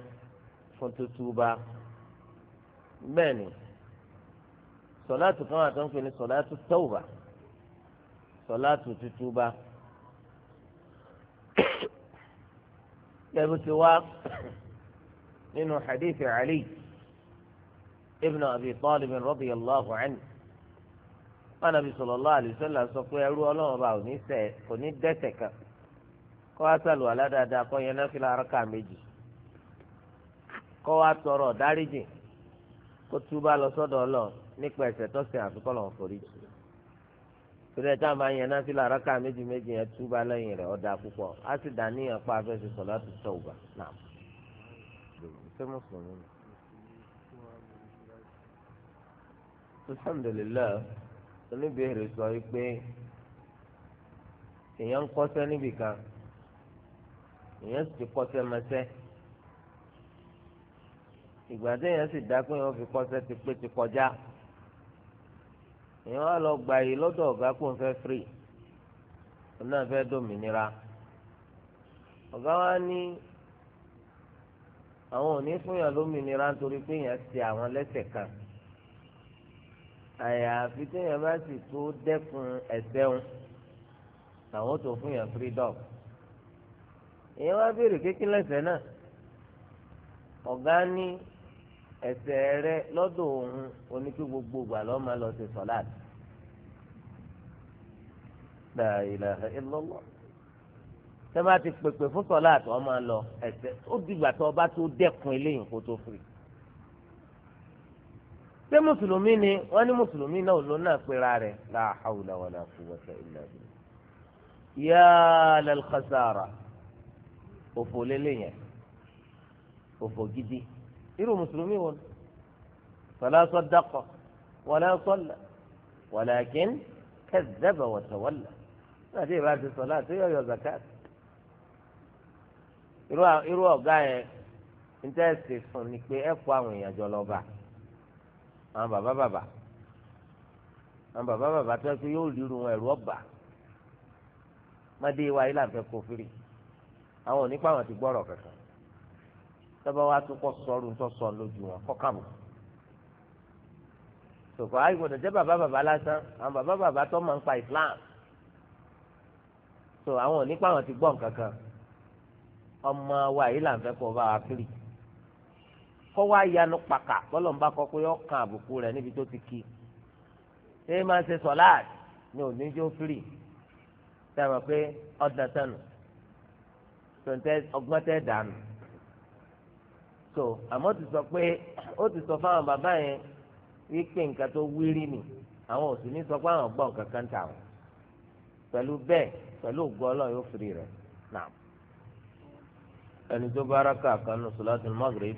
fún tuntun bá bẹ́ẹ̀ ni. sọláàtù kan wà tó ń pè ní sọláàtù tọ́wà sọláàtù tútúbà kẹ́bi ti wá nínú hadith ali ibn abi talib radiyallahu anhu mánàbí sallallahu alaihi wasallam sọ pé ẹrú ọlọ́run ọba ò ní ṣẹ̀ kò ní dẹ́ṣẹ̀ kan kó wá sàlù aládàáda kó yẹn náà fi lára ká méjì kó wá tọrọ dáríjì kó túbà lọ sọ́dọ̀ ọlọ́run nípa ẹ̀ṣẹ̀ tọ́sẹ̀ àfikọ́ lọ́wọ́ forí jù torí ẹ̀ tá a máa yẹn náà sí làrákà méjì méjì yẹn túbà lẹ́yìn rẹ̀ ọ̀dà púpọ̀ á sì dà níyàn pa abẹ́ ṣe sọ̀lá tó tọ̀ ọ̀gbà náà. alhamdulilayi oníbèrè sọ pé èèyàn ń kọ́ṣẹ́ níbìkan èèyàn sì ti kọ́ṣẹ́ mọ́ṣẹ́ ìgbà téèyàn sì dá pé wọ́n fi kọ́ṣẹ́ ti pé ti kọjá èèyàn á lọ gbà yìí lọ́dọ̀ ọ̀gá kó n fẹ́ free òun náà fẹ́ dòmìnira ọ̀gá wa ní àwọn ò ní fún yàn lómìnira nítorí pé yàn ṣe àwọn lẹ́sẹ̀ kan àyàfi tí yàn bá sì tó dẹ́kun ẹ̀ṣẹ̀ wọn làwọn tó fún yàn freedom èèyàn wá béèrè kékeré lẹ́sẹ̀ náà ọ̀gá ní ẹ̀ṣẹ̀ rẹ lọ́dọ̀ òun oníkí gbogbo gbà lọ́ọ́ máa lọ sí sọ́láàtì la ilaha illallah tẹ́ bá ti pèpè fún sọ́lá àti ọmọ lọ ẹ̀sẹ̀ ó dìgbà tó ọba tó dẹ́kun eléyìí kó tó firi. ṣé mùsùlùmí ni wọ́n ní mùsùlùmí náà ló náà pera rẹ̀ la hawla wala quwwata illa billah. ya lal khasara òfò lélẹ̀ òfò gidi irú mùsùlùmí wọn fala saddaqa wala salla walakin kazzaba wa tawalla láti ìbá ti sọ láti yọ yọ zakat irú ọ̀gá yẹn níta-ẹ̀sì fún ni pé ẹ kó àwọn èèyàn jọ lọ bá àwọn bàbá bàbá àwọn bàbá bàbá tó ẹ pé yóò ríru ẹ̀rú ọ̀bà mádé wa yìí làǹfẹ́ kó firi àwọn onípa àwọn ti gbọ́rọ̀ kankan tọ́ba wa tó kọ́ sọ́ọ́rù tó sọ lójú wọn kọ́ kàmù tòkọ́ àyùbọ̀dọ̀ jẹ́ bàbá bàbá lásán àwọn bàbá bàbá tó máa ń pa Islam so àwọn òní pàwọn ti gbọ́ nǹkan kan ọmọ wa yìí là ń fẹ́ kọ́ bá wa pírì kọ́ wa yanu pàkà bọ́lọ̀ ń bá kọ́ pé ọkàn àbùkù rẹ̀ níbi tó ti kí ṣé máa ṣe sọ̀láàt ni òní jó pírì ṣe mọ̀ pé ọ̀dàn tẹ̀nu ọgbọ́n tẹ̀ dànù so àmọ́ ti sọ pé ó ti sọ fáwọn bàbá yẹn wípé nǹkan tó wírí ni àwọn ò ní sọ pé àwọn gbọ́ nǹkan kan pẹ̀lú bẹ́ẹ̀ pẹ̀lú ògo ọlọ́run yóò firi rẹ̀ nà. ẹni tó bá rákà kan nù sọláàtì magrib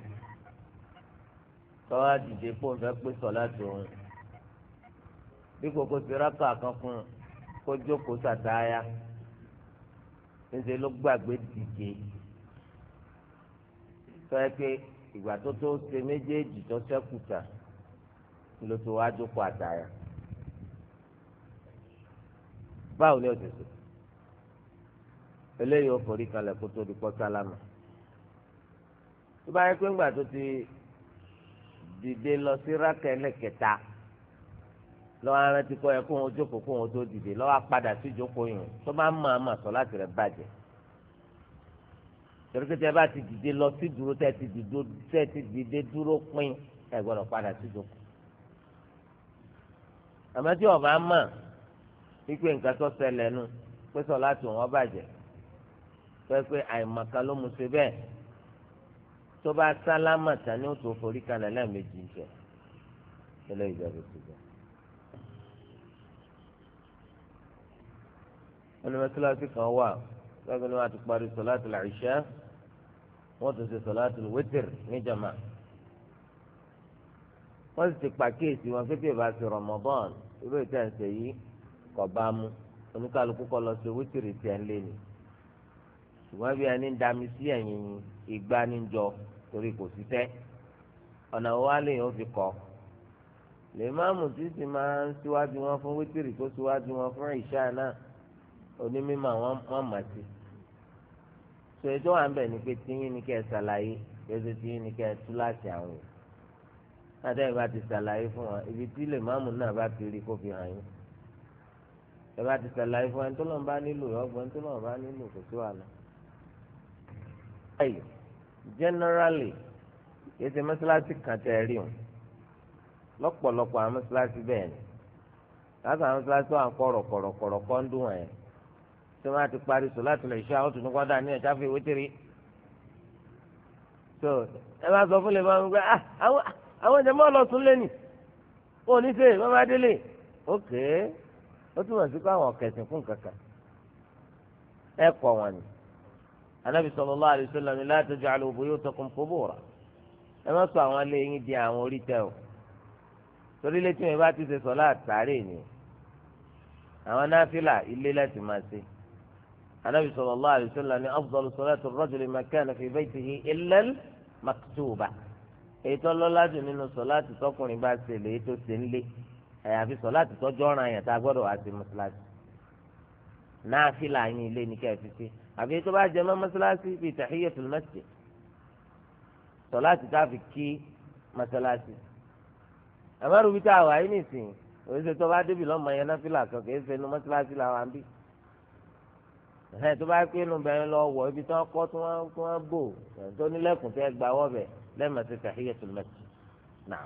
tọ́wá dìde kó n fẹ́ pé sọláàtì òun bí kòkó ti rákà kan kún kó jókòó sàtáyà níṣẹ́ ló gbàgbé dìde tọ́yẹ pé ìgbà tó tó ṣe méjèèjì tó ṣẹ́kù tà ló tó wá jókòó àtàyà báwo ni ọ̀sẹ̀ sọ eléyìí ó forí kalẹ̀ kó tó di pọ́ sálámà tó bá yẹ pé ńgbà tó ti dìde lọ sí rákẹ́ lẹ́kẹta lọ́wọ́ arántí kọ́ ẹ kó wọn jókòó kó wọn tó dìde lọ́wọ́ apadà sí jókòó yìí tó bá ń mọ àmà sọ láti rẹ̀ bàjẹ́ tẹ̀lékẹ́tẹ́ bá ti dìde lọ sí dúró tẹ́ ti dìde dúró pín ẹ gbọ́dọ̀ padà sí jókòó àmọ́ tí ọba mọ̀ ikú nǹkan tó ṣẹlẹ̀ nu pé sọ láti wọn bàjẹ́ pẹ́pẹ́ àìmọ̀ká ló mu ṣe bẹ́ẹ̀ tó bá sálámà tán ní òtò forí kalẹ̀ lẹ́ẹ̀mejì ń jẹ eléyìí bẹ́ẹ̀ ló ti jẹ. wọ́n ní mẹ́tíláṣí kan wà lọ́gbẹ́ ni wọ́n ti parí sọ̀láàtì làìṣá wọ́n tún ṣe sọ̀láàtì wẹ́tìr níjàmá wọ́n sì ti pàkíyèsí wọn pé bí ìbá ti Ramadan irú ìtẹ̀sẹ̀ yìí kò bá mu oníkàlùkù kọ lọ sí wítìrì tiẹ̀ ń lé ni ṣùgbọ́n bí ẹni ń dami sí ẹ̀yìn ìgbà níjọ torí kò sí tẹ́ ọ̀nà wa lèyìn ó fi kọ́ lèmáàmù tí sì máa ń síwájú wọn fún wítìrì tó síwájú wọn fún ìṣá náà onímọ̀ wọn mọ̀ sí so ètò wà ń bẹ̀ ni pé tíyín ni kẹ́ ẹ ṣàlàyé ètò tíyín ni kẹ́ ẹ tú láti àwọn èèyàn látàrí bá ti ṣàlàyé fún wọn ibi tí lèmáàmù náà bá ti rí kó fi hàn yín tẹ́lá ti sàlàyé fún ẹni tó lọ́n bá nílò ọgbọ́n tó lọ́n bá nílò kò sí wàhálà. báyìí generally kìí ṣe mọ́ṣáláṣí kan tẹ́ ẹ rí o lọ́pọ̀lọpọ̀ àwọn mọ́ṣáláṣí bẹ́ẹ̀ ni láti àwọn mọ́ṣáláṣí wà ń kọ́ rọ̀kọ̀rọ̀kọ̀rọ̀ kọ́ ń dùn ẹ̀ tí wọ́n ti parí sọ láti lè ṣe àwọn tòun kọ́dà ní ẹ̀já fi wétiri. so ẹ bá sọ fún lè máa ń gbé ah, àwọn ìjẹ́mọ́ lọ tún lé nì òní ṣe bàbá délé ókèé. Okay ó túmọ̀ sí pé àwọn kẹ̀sìn fún kankan ẹ kọ̀ wọn ni anabi sallallahu alaihi wasallam la taj'alu buyutakum qubura ẹ má sọ àwọn ilé yín di àwọn orí tẹ o torí létí mi bá ti ṣe sọ láàtàrí ni àwọn náfìlà ilé láti máa ṣe anabi sallallahu alaihi wasallam ni afdalu salatu ar-rajuli ma kana fi baytihi illa al-maktuba èyí tó lọ́lá jù nínú sọláàtì tọkùnrin bá ṣe lè tó ṣe ń lé àyàfi sọ láti tọ́jú ọ̀ràn yẹn tá a gbọ́dọ̀ wá sí mọ́ṣáláṣí náfìlà yín ilé ní kẹ́ẹ̀ fífi àfi tó bá jẹ mọ́ mọ́ṣáláṣí bíi tahiyatul masjid sọ láti tá a fi kí mọ́ṣáláṣí àmọ́rù bí tá a wà yín nìsín òṣìṣẹ́ tó bá débi lọ́mọ yẹn náfìlà kan kì í ṣe inú mọ́ṣáláṣí làwọn bí ẹ̀hìn tó bá pé inú bẹ̀rẹ̀ lọ wọ̀ ibi tí wọ́n kọ́ tí wọ́n masjid náà.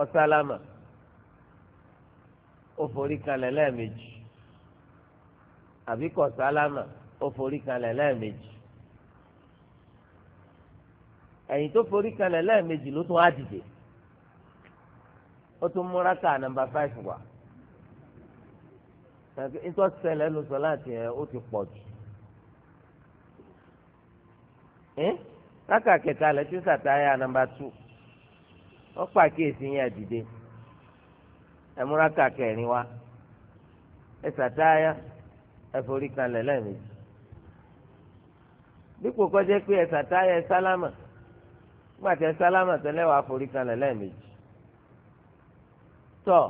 ọ̀sálámà ó forí kalẹ̀ lẹ́ẹ̀mejì àbí kò sálámà ó forí kalẹ̀ lẹ́ẹ̀mejì ẹ̀yìn tó forí kalẹ̀ lẹ́ẹ̀mejì ló tún á dìde ó tún múra ká nàmbà fáìfù wá nítorí ṣẹlẹ̀ ló sọ láti ẹ̀ ó ti pọ̀ jù ẹ́ káka kẹta lẹ́tí sàtáyà nàmbà tù. wọ́n pàkíyèsí yẹn àdìde ẹ múra kàkẹ́rin wa ẹ sàtáyà ẹ forí kalẹ̀ lẹ́ẹ̀mejì dípò kọjá pé ẹ sàtáyà ẹ sálámà gbàtẹ sálámà tẹ́lẹ̀ wàá forí kalẹ̀ lẹ́ẹ̀mejì tọ́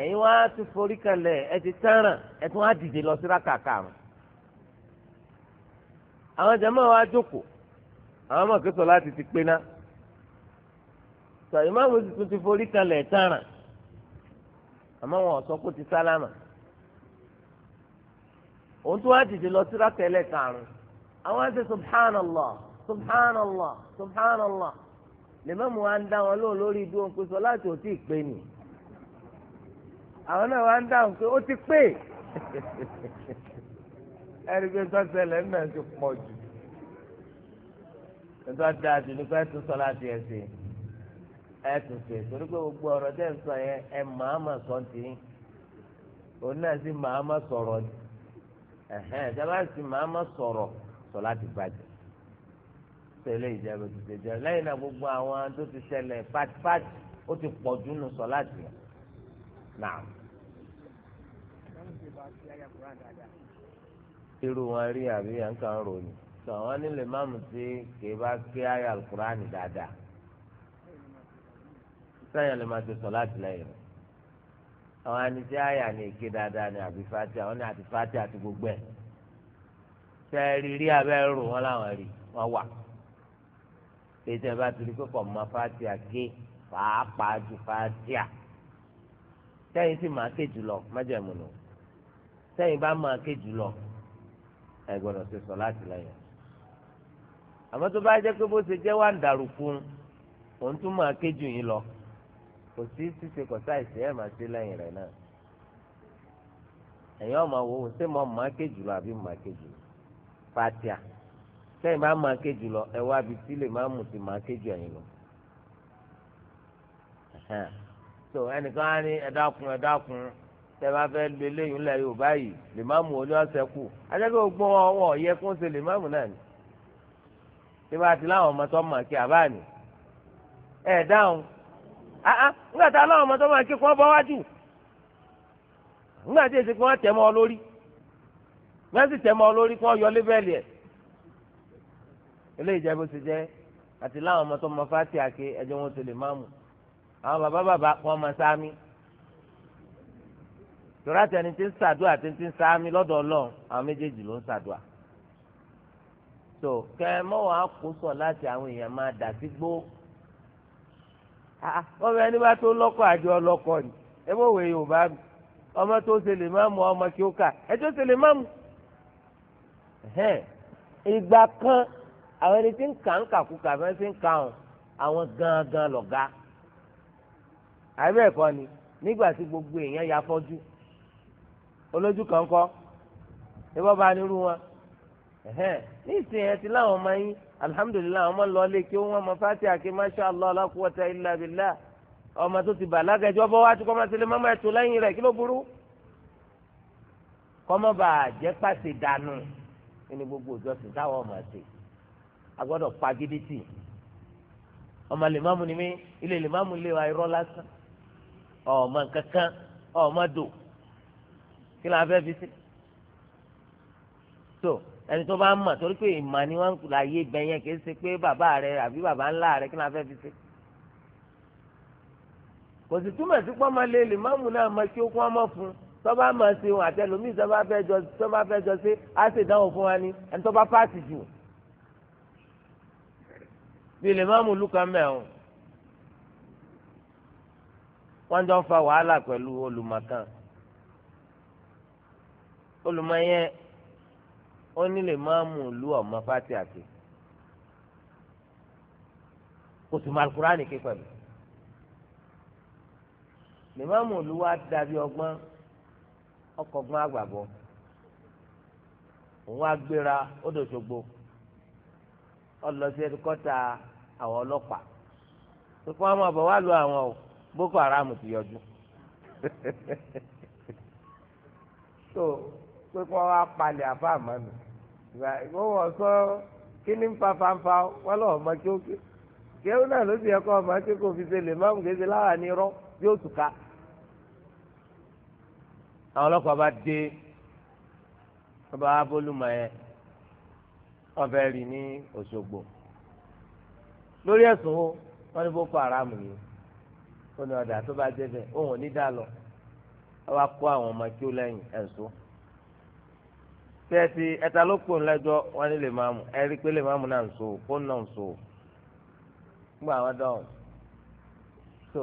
ẹ̀yin wá ti forí kalẹ̀ ẹ ti tẹ́ràn ẹ tún wá dìde lọ sí rákàkà rùn àwọn jókòó àwọn ọmọ kẹsàn-án láti ti pé náà. sọ ìmáàmù sì tún ti forí kalẹ̀ tààrà àmọ́ wọn ò sọ pé ó ti sálámà òun tó wá dìde lọ sí rákẹ́lẹ̀ karùn-ún àwọn àti subhanallah subhanallah subhanallah lèmọ́mù wa ń dá wọn lóhùn lórí ìdúró pé sọ láti ò tí ì pé ni àwọn náà wa ń dáhùn pé ó ti pé ẹni pé tó ṣẹlẹ̀ náà ti pọ̀ jù tó dáa jù ní ká tó sọ láti ẹ̀ sí i ẹ tún ṣe torí pé gbogbo ọ̀rọ̀ tẹ́ ń sọ yẹn ẹ màámà sọ ti yín òun náà sì màámà sọ̀rọ̀ ni ẹ̀hẹ́n sábà sì màámà sọ̀rọ̀ sọ láti bàjẹ́ tẹ̀lé ìjẹ́bù ti tẹ̀jẹ́ lẹ́yìn náà gbogbo àwọn tó ti ṣẹlẹ̀ pátipáti ó ti pọ̀ jù nù sọ láti yẹn náà. irú wọn rí àbí yẹn kàn ń ròyìn sọ wọn nílẹ̀ máàmù tí kì í bá kí ayé alukura ni dáadáa sẹ́yìn lè máa ti sọ láti lẹ́yìn rẹ̀ àwọn anijẹ́ àyà ni èké dáadáa ni àbí fati àwọn ni àti fati àti gbogbo ẹ̀ sẹ́ẹ̀rì rí abẹ́ rò wọ́n láwọn rí wọ́n wà pété bá ti rí pípọ̀ mọ́ fati àké pàápàá ju fati à sẹ́yìn sì máa ké jùlọ májẹ̀mú nù sẹ́yìn bá máa ké jùlọ ẹ̀ gbọ́dọ̀ ti sọ láti lẹ́yìn àmọ́ tó bá jẹ́ pé bó ṣe jẹ́ wà ń dàrú fún òun tún máa ké jù yín lọ kò sí ṣíṣe kọ̀tà ìṣe ẹ̀ máa ṣe lẹ́yìn rẹ̀ náà ẹ̀yin ọmọ wo ṣé mo máa ké jùlọ àbí mo máa ké jùlọ fatia sẹ́yìn bá máa ké jùlọ ẹ wá bi tí lè máa mú ti máa ké jù ẹ̀yin lọ. so ẹnìkan á ní ẹ̀dákun ẹ̀dákun tẹ bá fẹ́ lu eléyìí ńlẹ̀ yorùbá yìí lè máa mú olú ọ̀sẹ̀ kù ajẹ́pẹ́ ogbó wọn wọ̀ yẹ kó ṣe lè máa mú náà ni. tí bá ti láwọn ọmọ tó máa ké àbáà ni ẹ̀ dáhùn nígbà ah, ah, tá a láwọn ọmọ tó máa ké kí wọ́n bọ́ wájú nígbà tí èsì kí wọ́n tẹ̀ mọ́ ọ lórí wọ́n sì tẹ̀ mọ́ ọ lórí kí wọ́n yọ lébẹ́lì ẹ̀ eléyìí jẹ́ bó ti jẹ́ àti láwọn ọmọ tó máa fàtì àké ẹjọ́ wọn ti lè má mú àwọn bàbá bàbá wọn máa sáámi tòrá tẹni tí ń sàdúà tí ń sáámi lọ́dọ̀ ọlọ́run àwọn méjèèjì ló ń sàdúà tó kẹ́ mọ́wàá kó sọ láti àwọn èèyàn máa dà sígbó Ah, ah. ọmọ ẹni bá tó lọ́kọ̀ àjọ ọlọ́kọ̀ ni ẹ bó wẹ yorùbá mi ọmọ tó ṣe lè má mu ọmọ kí ó kà ẹ tó ṣe lè má mu. ìgbà kan àwọn ẹni tí ń kà ń kàkúkà fẹ́ ti ń kà ọ́n àwọn gangan lọ̀gá àbí ẹ̀kọ́ ni nígbà tí gbogbo èèyàn ya fọ́jú olójú kan kọ́ ẹ bọ́ bá nírú wọn nísìnyẹn ti láwọn ọmọ yín alhamdulilayi àwọn ọmọ lọlé kí wọn mọ fati àké masha allah la quwwata illa billah ọmọ tó ti bàlágà ẹjọ bọ wá tí kọ́mọ sílé mọ́mọ́ ẹ̀ tó lẹ́yìn rẹ̀ kí ló burú kọ́mọ bá jẹ́ pàṣẹ dànù ẹni gbogbo ìjọsìn táwọn ọmọ ṣe agbọ́dọ̀ pagídí tì ọmọ lèmọ́mù ni mí ilé lèmọ́mù lé wa irọ́ lásán ọmọ kankan ọmọ dò kí ló ń fẹ́ fi sí ẹni tó bá mọ̀ torí pé ìmọ̀ ni wọ́n là yé bẹ yẹn kì í ṣe pé bàbá rẹ àbí bàbá ńlá rẹ kí ni a fẹ́ fi ṣe. kò sì túmọ̀ sí pọ́n máa lé lè má mú náà mọ kí ó kún ọmọ fún tó bá mọ̀ ṣe òun àti ẹlòmíì tó bá fẹ́ jọ tó bá fẹ́ jọ ṣe á ṣe ìdánwò fún wa ni ẹni tó bá pàṣẹ jù. bí lè má mú lùkọ́ mẹ́rin wọ́n jọ ń fa wàhálà pẹ̀lú olùmọ̀kan olùmọ̀ yẹn ó nílè máa mú ìlú ọmọ fati àti kò sì máa kúránì ké pẹ̀lú lè máa mú ìlú wa dàbí ọgbọ́n ọkọ̀ ọgbọ́n àgbàbọ̀ òun á gbéra ó dòṣogbo ó lọ sí ẹdíkọ́tà àwọn ọlọ́pàá pé kí wọ́n máa lu àwọn o Boko Haram ti yọjú so pé kí wọ́n wá palẹ̀ àbá àmọ́ mi ìwọ́n wọ̀ sọ kí ni ń fa fanfa wọ́n lọ́ọ́ mọ kí ó ké kéwọ́n náà ló sì yẹ kọ́ ọmọ kí kò fi ṣe lè má mú kéṣe láwà bí ó tùka. àwọn ọlọ́kọ̀ bá dé ọba abólúmọ̀ yẹn wọ́n fẹ́ rí ní Òṣogbo lórí ẹ̀sùn wo ní Boko Haram ni ó ní ọ̀dà tó bá débẹ̀ òun ò ní dá lọ wọ́n kó àwọn ọmọ kí ó lẹ́yìn ẹ̀sùn tẹ́tí ẹ̀ta ló pò ńlẹ́jọ́ wọn ní lè máa mú ẹ̀rí pé lè máa mú náà ń so kó náà ń so gbọ́ àwọn dáhùn so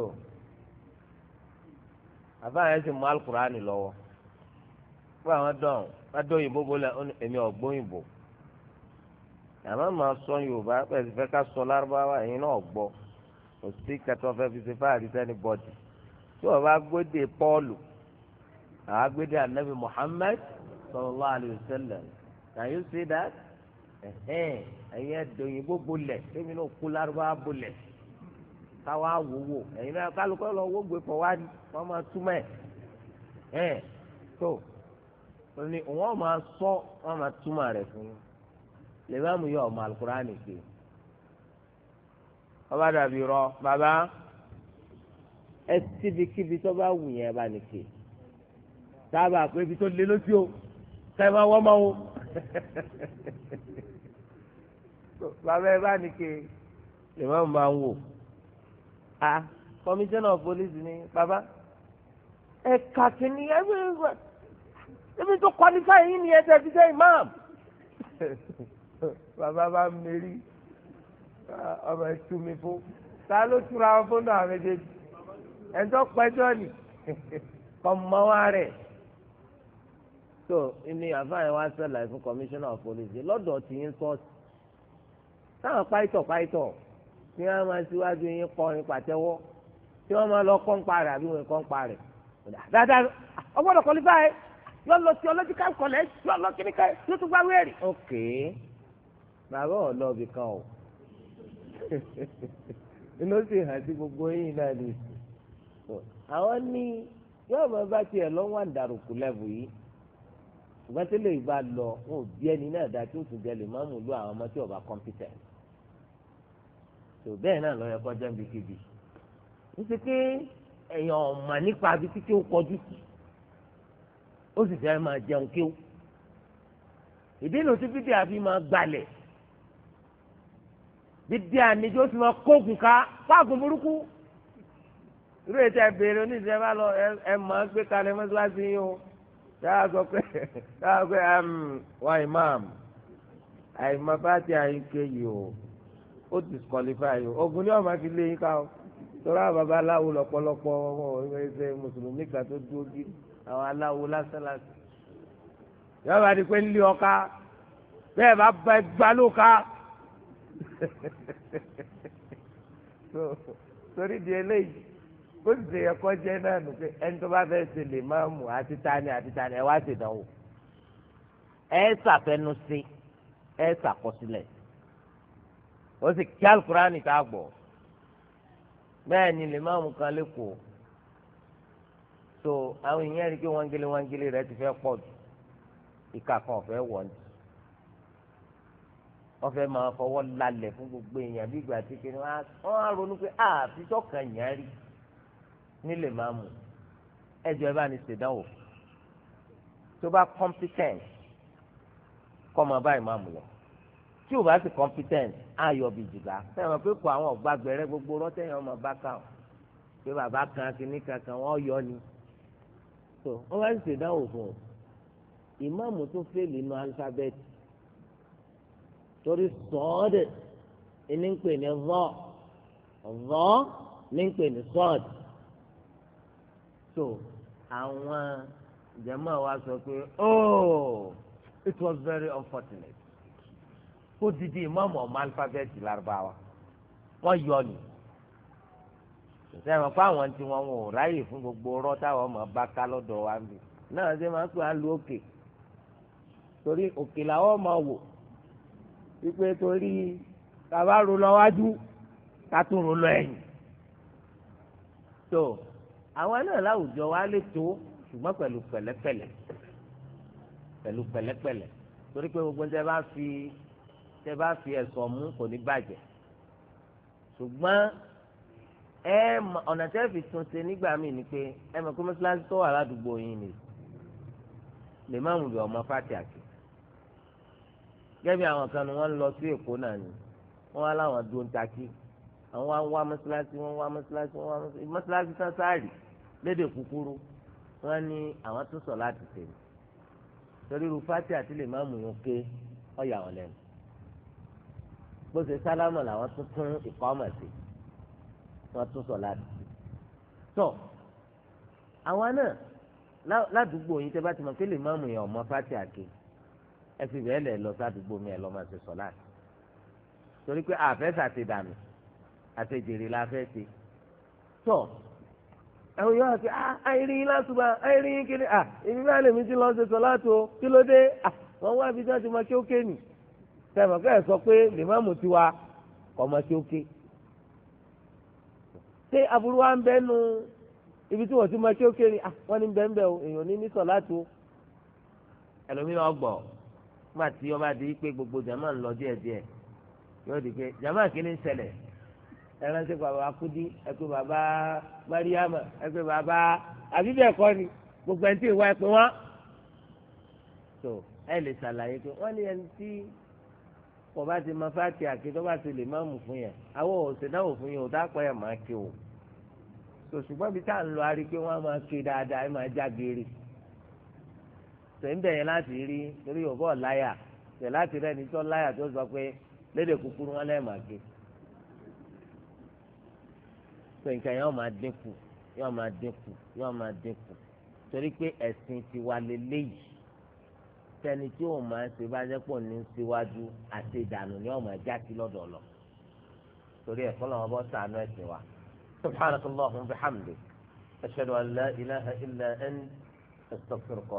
àbá yẹn ti mú alukurani lọ́wọ́ gbọ́ àwọn dáhùn wọ́n dó òyìnbó bólẹ̀ èmi ọ̀gbóyìnbó àmọ́ màá sọ yorùbá pẹ̀lú fẹ́ ká sọ lárúbáwá ẹ̀yin náà gbọ́ kò sí kẹtọ́ fẹ́ fi ṣe fáàrí sẹ́ni bọ́dì tí wọ́n bá gbóde pọ́ọ̀lù àá gbéde ànábì muhammed sallallahu alayhi wa sallam can you see that ẹ̀hẹ́n ẹ̀yin ẹ̀dọ̀ òyìnbó bolẹ̀ tẹ́mi náà kú lárúbá bolẹ̀ káwá wòwò ẹ̀yin náà kálukọ́ lọ wógbé pọ̀ wá ní wọ́n máa túmọ̀ ẹ̀ ẹ̀ tó ní wọ́n máa sọ wọ́n máa túmọ̀ rẹ̀ fún yín lèbámu yọ ọmọ alukurani ké ọba dàbí rọ bàbá ẹ síbi kíbi tó bá wù yẹn bá nìké sábà pé ibi tó lé lójú o kẹ́mọ́ wọ́n mọ́ o bàbá ẹ bá ní ke lè má máa ń wò a komisanna of police ni bàbá ẹ kà kíní ẹ bí ebi tó qualify yín ni ẹ tẹ̀ fi jẹ́ imam bàbá bá mérí ọmọ ẹtú mi fún ta ló túra fún náà méjèèjì ẹjọ́ pẹ́jọ́ ni kọ́ mọ́ wa rẹ̀ so ní àfáàyàn wa ṣẹlẹ̀ fún commissioner of police lọ́dọ̀ tí yín sọ́ọ̀tì táwọn páìtọ̀ páìtọ̀ tí wọ́n máa síwájú yín kọrin pàtẹ́wọ́ tí wọ́n máa lọ kọ́ ń parẹ́ àbí wọ́n kọ́ ń parẹ́ dáadáa ọgbọ́dọ̀ kọ́lí báyìí yọ lọ theological college yọ lọ kíníkà yóò tún gbá wẹ́ẹ̀rì. ok bàbá ọlọ́ọ̀bì kan o inú sì hàn sí gbogbo yín náà ni àwọn ní yóò máa bá tiẹ̀ lọ́wọ́ àdàrùkù lẹ́bù yìí ṣùgbọ́n tí lè bá lọ wọn ò bí ẹni náà dá tí ó tún jẹ lè má mú lu àwọn ọmọ tí ọba competent tó bẹ́ẹ̀ náà lọ yẹ kọjá ń bikibi ń ṣe pé èèyàn ọ̀mà nípa abí títí ó kọjú sí ó sì fẹ́ máa jẹun kéwù ìdí ìlú tí fídíò àfi máa gbalẹ̀ dídí àníjó sì máa kóògùn ká fáàgùn burúkú irú ètò ẹ̀ bèrè oníṣẹ́ bá lọ ẹ̀ máa gbé kalẹ̀ mọ́ṣáláṣí yín o dáa sọ pé dáa sọ pé um, wa imam àìmọ bá ti àyíké yìí o ó disqualify o ogun ni ọmọ fi lé yín ká o tọ́lá bàbá aláwo lọ́pọ̀lọpọ̀ ọmọ ẹsẹ̀ mùsùlùmí kan tó dúró bí àwọn aláwo lásánlásán yọ̀ọ́ bá di pé ń lé ọ̀ka bẹ́ẹ̀ bá bá ẹgbà ló ká torí di eléyìí bó ti ṣe ẹ̀kọ́ jẹ́ náà nù pé ẹni tó bá fẹ́ ṣe lè máa mú àti tani àti tani ẹ wá ṣèdánwò ẹ ṣàfẹnu sí ẹ ṣàkọsílẹ̀ ó sì kí alukurani tá a gbọ́ bẹ́ẹ̀ ni lè máa mú kan lẹ́kọ̀ọ́ so àwọn èèyàn rí i pé wọ́ngele wọ́ngele rẹ ti fẹ́ pọ̀ jù ìka kan ọ̀fẹ́ wọ̀ ní wọ́n fẹ́ máa fọwọ́ lálẹ̀ fún gbogbo èèyàn bí ìgbà tí kìnìún wọ́n á ronú pé àfijọ́ ah, kan yẹn rí i nílé máàmù ẹjọ́ ẹ bá ní ṣèdánwò tó bá competent kọ́ máa bá ìmáàmù lọ tí o bá sì competent ayọ̀ bì jìgá sẹ́wọ̀n pé kó àwọn ọ̀gbà gbẹrẹ gbogbo rọ́tẹ̀yìn ọmọ bá kà ó pé bàbá kan kìíní kankan wọ́n yọ ni tó wọ́n bá sì ṣèdánwò fún un ìmáàmù tó fèlè inú alifábẹ́ẹ̀tì torí sọ́ọ̀dì ní ń pè ní zọ́ọ̀ zọ́ọ̀ ní ń pè ní sọ́ọ̀dì so àwọn jẹ̀mọ́ wa sọ pé oh it was very unfortunate kó didi ìmọ̀ọ́mù ọmọ alifábẹ́ẹ̀tì lárúbáwá wọ́n yọ ni sẹ́wọ̀n fún àwọn tí wọ́n wò ráyè fún gbogbo ọ̀rọ̀ táwọn ọmọ bá ká lọ́dọ̀ wa ń bì náà ṣe máa ń pè á lu òkè torí òkè làwọn ọmọ wò wípé torí bàbá ro lọ wájú ká tún ro lọ ẹ̀yìn tó. So, àwa náà láwùjọ wa lè tó ṣùgbọ́n pẹ̀lú pẹ̀lẹ́pẹ̀lẹ́ pẹ̀lú pẹ̀lẹ́pẹ̀lẹ́ torí pé gbogbo tẹ bá fi tẹ bá fi ẹ̀sọ̀ mú kò ní bàjẹ́ ṣùgbọ́n ẹ ọ̀nà tẹ́ fi tún ṣe nígbà míì ni pé ẹ mọ̀ pé mọ́ṣáláṣí tó wà ládùúgbò yín ni lè má mú bí ọmọ fàtì àti gẹ́gẹ́ àwọn kan ni wọ́n ń lọ sí èkó náà ni wọ́n wá láwọn dúró àwọn wá ń wọ́n wá mọ́ṣáláṣí wọ́n wá mọ́ṣáláṣí sásáàrì lédè kúkúrú wọn ní àwọn tó sọ láti tèmi torí irú fati àti lè má mú yín ké ọyà wọn lẹ́nu bó ṣe sálámà làwọn tún tún ìkọ́ ọmọ sí wọn tún sọ láti tọ àwọn náà ládùúgbò yín tẹ́ bá ti mọ̀ pé lè má mú yín ọmọ fati àké ẹ fi bẹ́ẹ̀ lẹ̀ lọ sádùúgbò mi ẹ lọ́ máa ṣe sọ láti torí pé àfẹ́ sàti dànù àti la fẹ́ ṣe tọ. So, àwọn yóò àti ah, àìrí lásùbà àìrí kiri à ah, èmi bá lèmi ti lọ ṣe sọ láti kí ló dé à ah, wọn wá ibi tí ti ó ké nì kẹ ẹ sọ pé ti wa kọ máa kí ó ké ṣé aburú ibi tí wọn ti máa kí ó ké nì à wọn ní bẹ́ẹ̀ bẹ́ẹ̀ o èèyàn ní o ẹlòmíràn ọgbọ ti ọba di pé gbogbo jama ń lọ díẹ̀díẹ̀ yóò di pé jama kìíní ń ẹrántí bàbá akudi ẹpẹ bàbá mariama ẹpẹ bàbá àbíbẹ ẹkọ ni gbogbo ẹni tí ìwà ẹpẹ wọn tó ẹ lè ṣàlàyé pé wọn ní ẹni tí kò bá ti ma fáti àké tó bá ti lè má mú fún yẹn àwọn òsèdáwò fún yẹn ò dápọ̀ yẹn máa ké o tò ṣùgbọ́n bí tá à ń lọ arí pé wọ́n á máa ké dáadáa ẹ máa já geere tò ń bẹ̀yẹn láti rí torí yóò bọ̀ láyà tẹ̀ láti rẹ̀ tó láyà tó sọ pé lédè kúkúrú wọn lẹ́ẹ̀ máa ké so nǹkan yẹn wọ́n máa dínkù yóò máa dínkù yóò máa dínkù torí pé ẹ̀sìn tiwa lélẹ́yìí tẹni tí òun máa ń ṣe bá jẹ́ pọ̀ ní síwájú àti ìdànù ni òun máa já sí lọ́dọ̀ lọ torí ẹ̀kọ́ làwọn bọ́ sànú ẹ̀sìn wa. subhanakallahumma wa bihamdik ashhadu an la ilaha illa anta astaghfiruka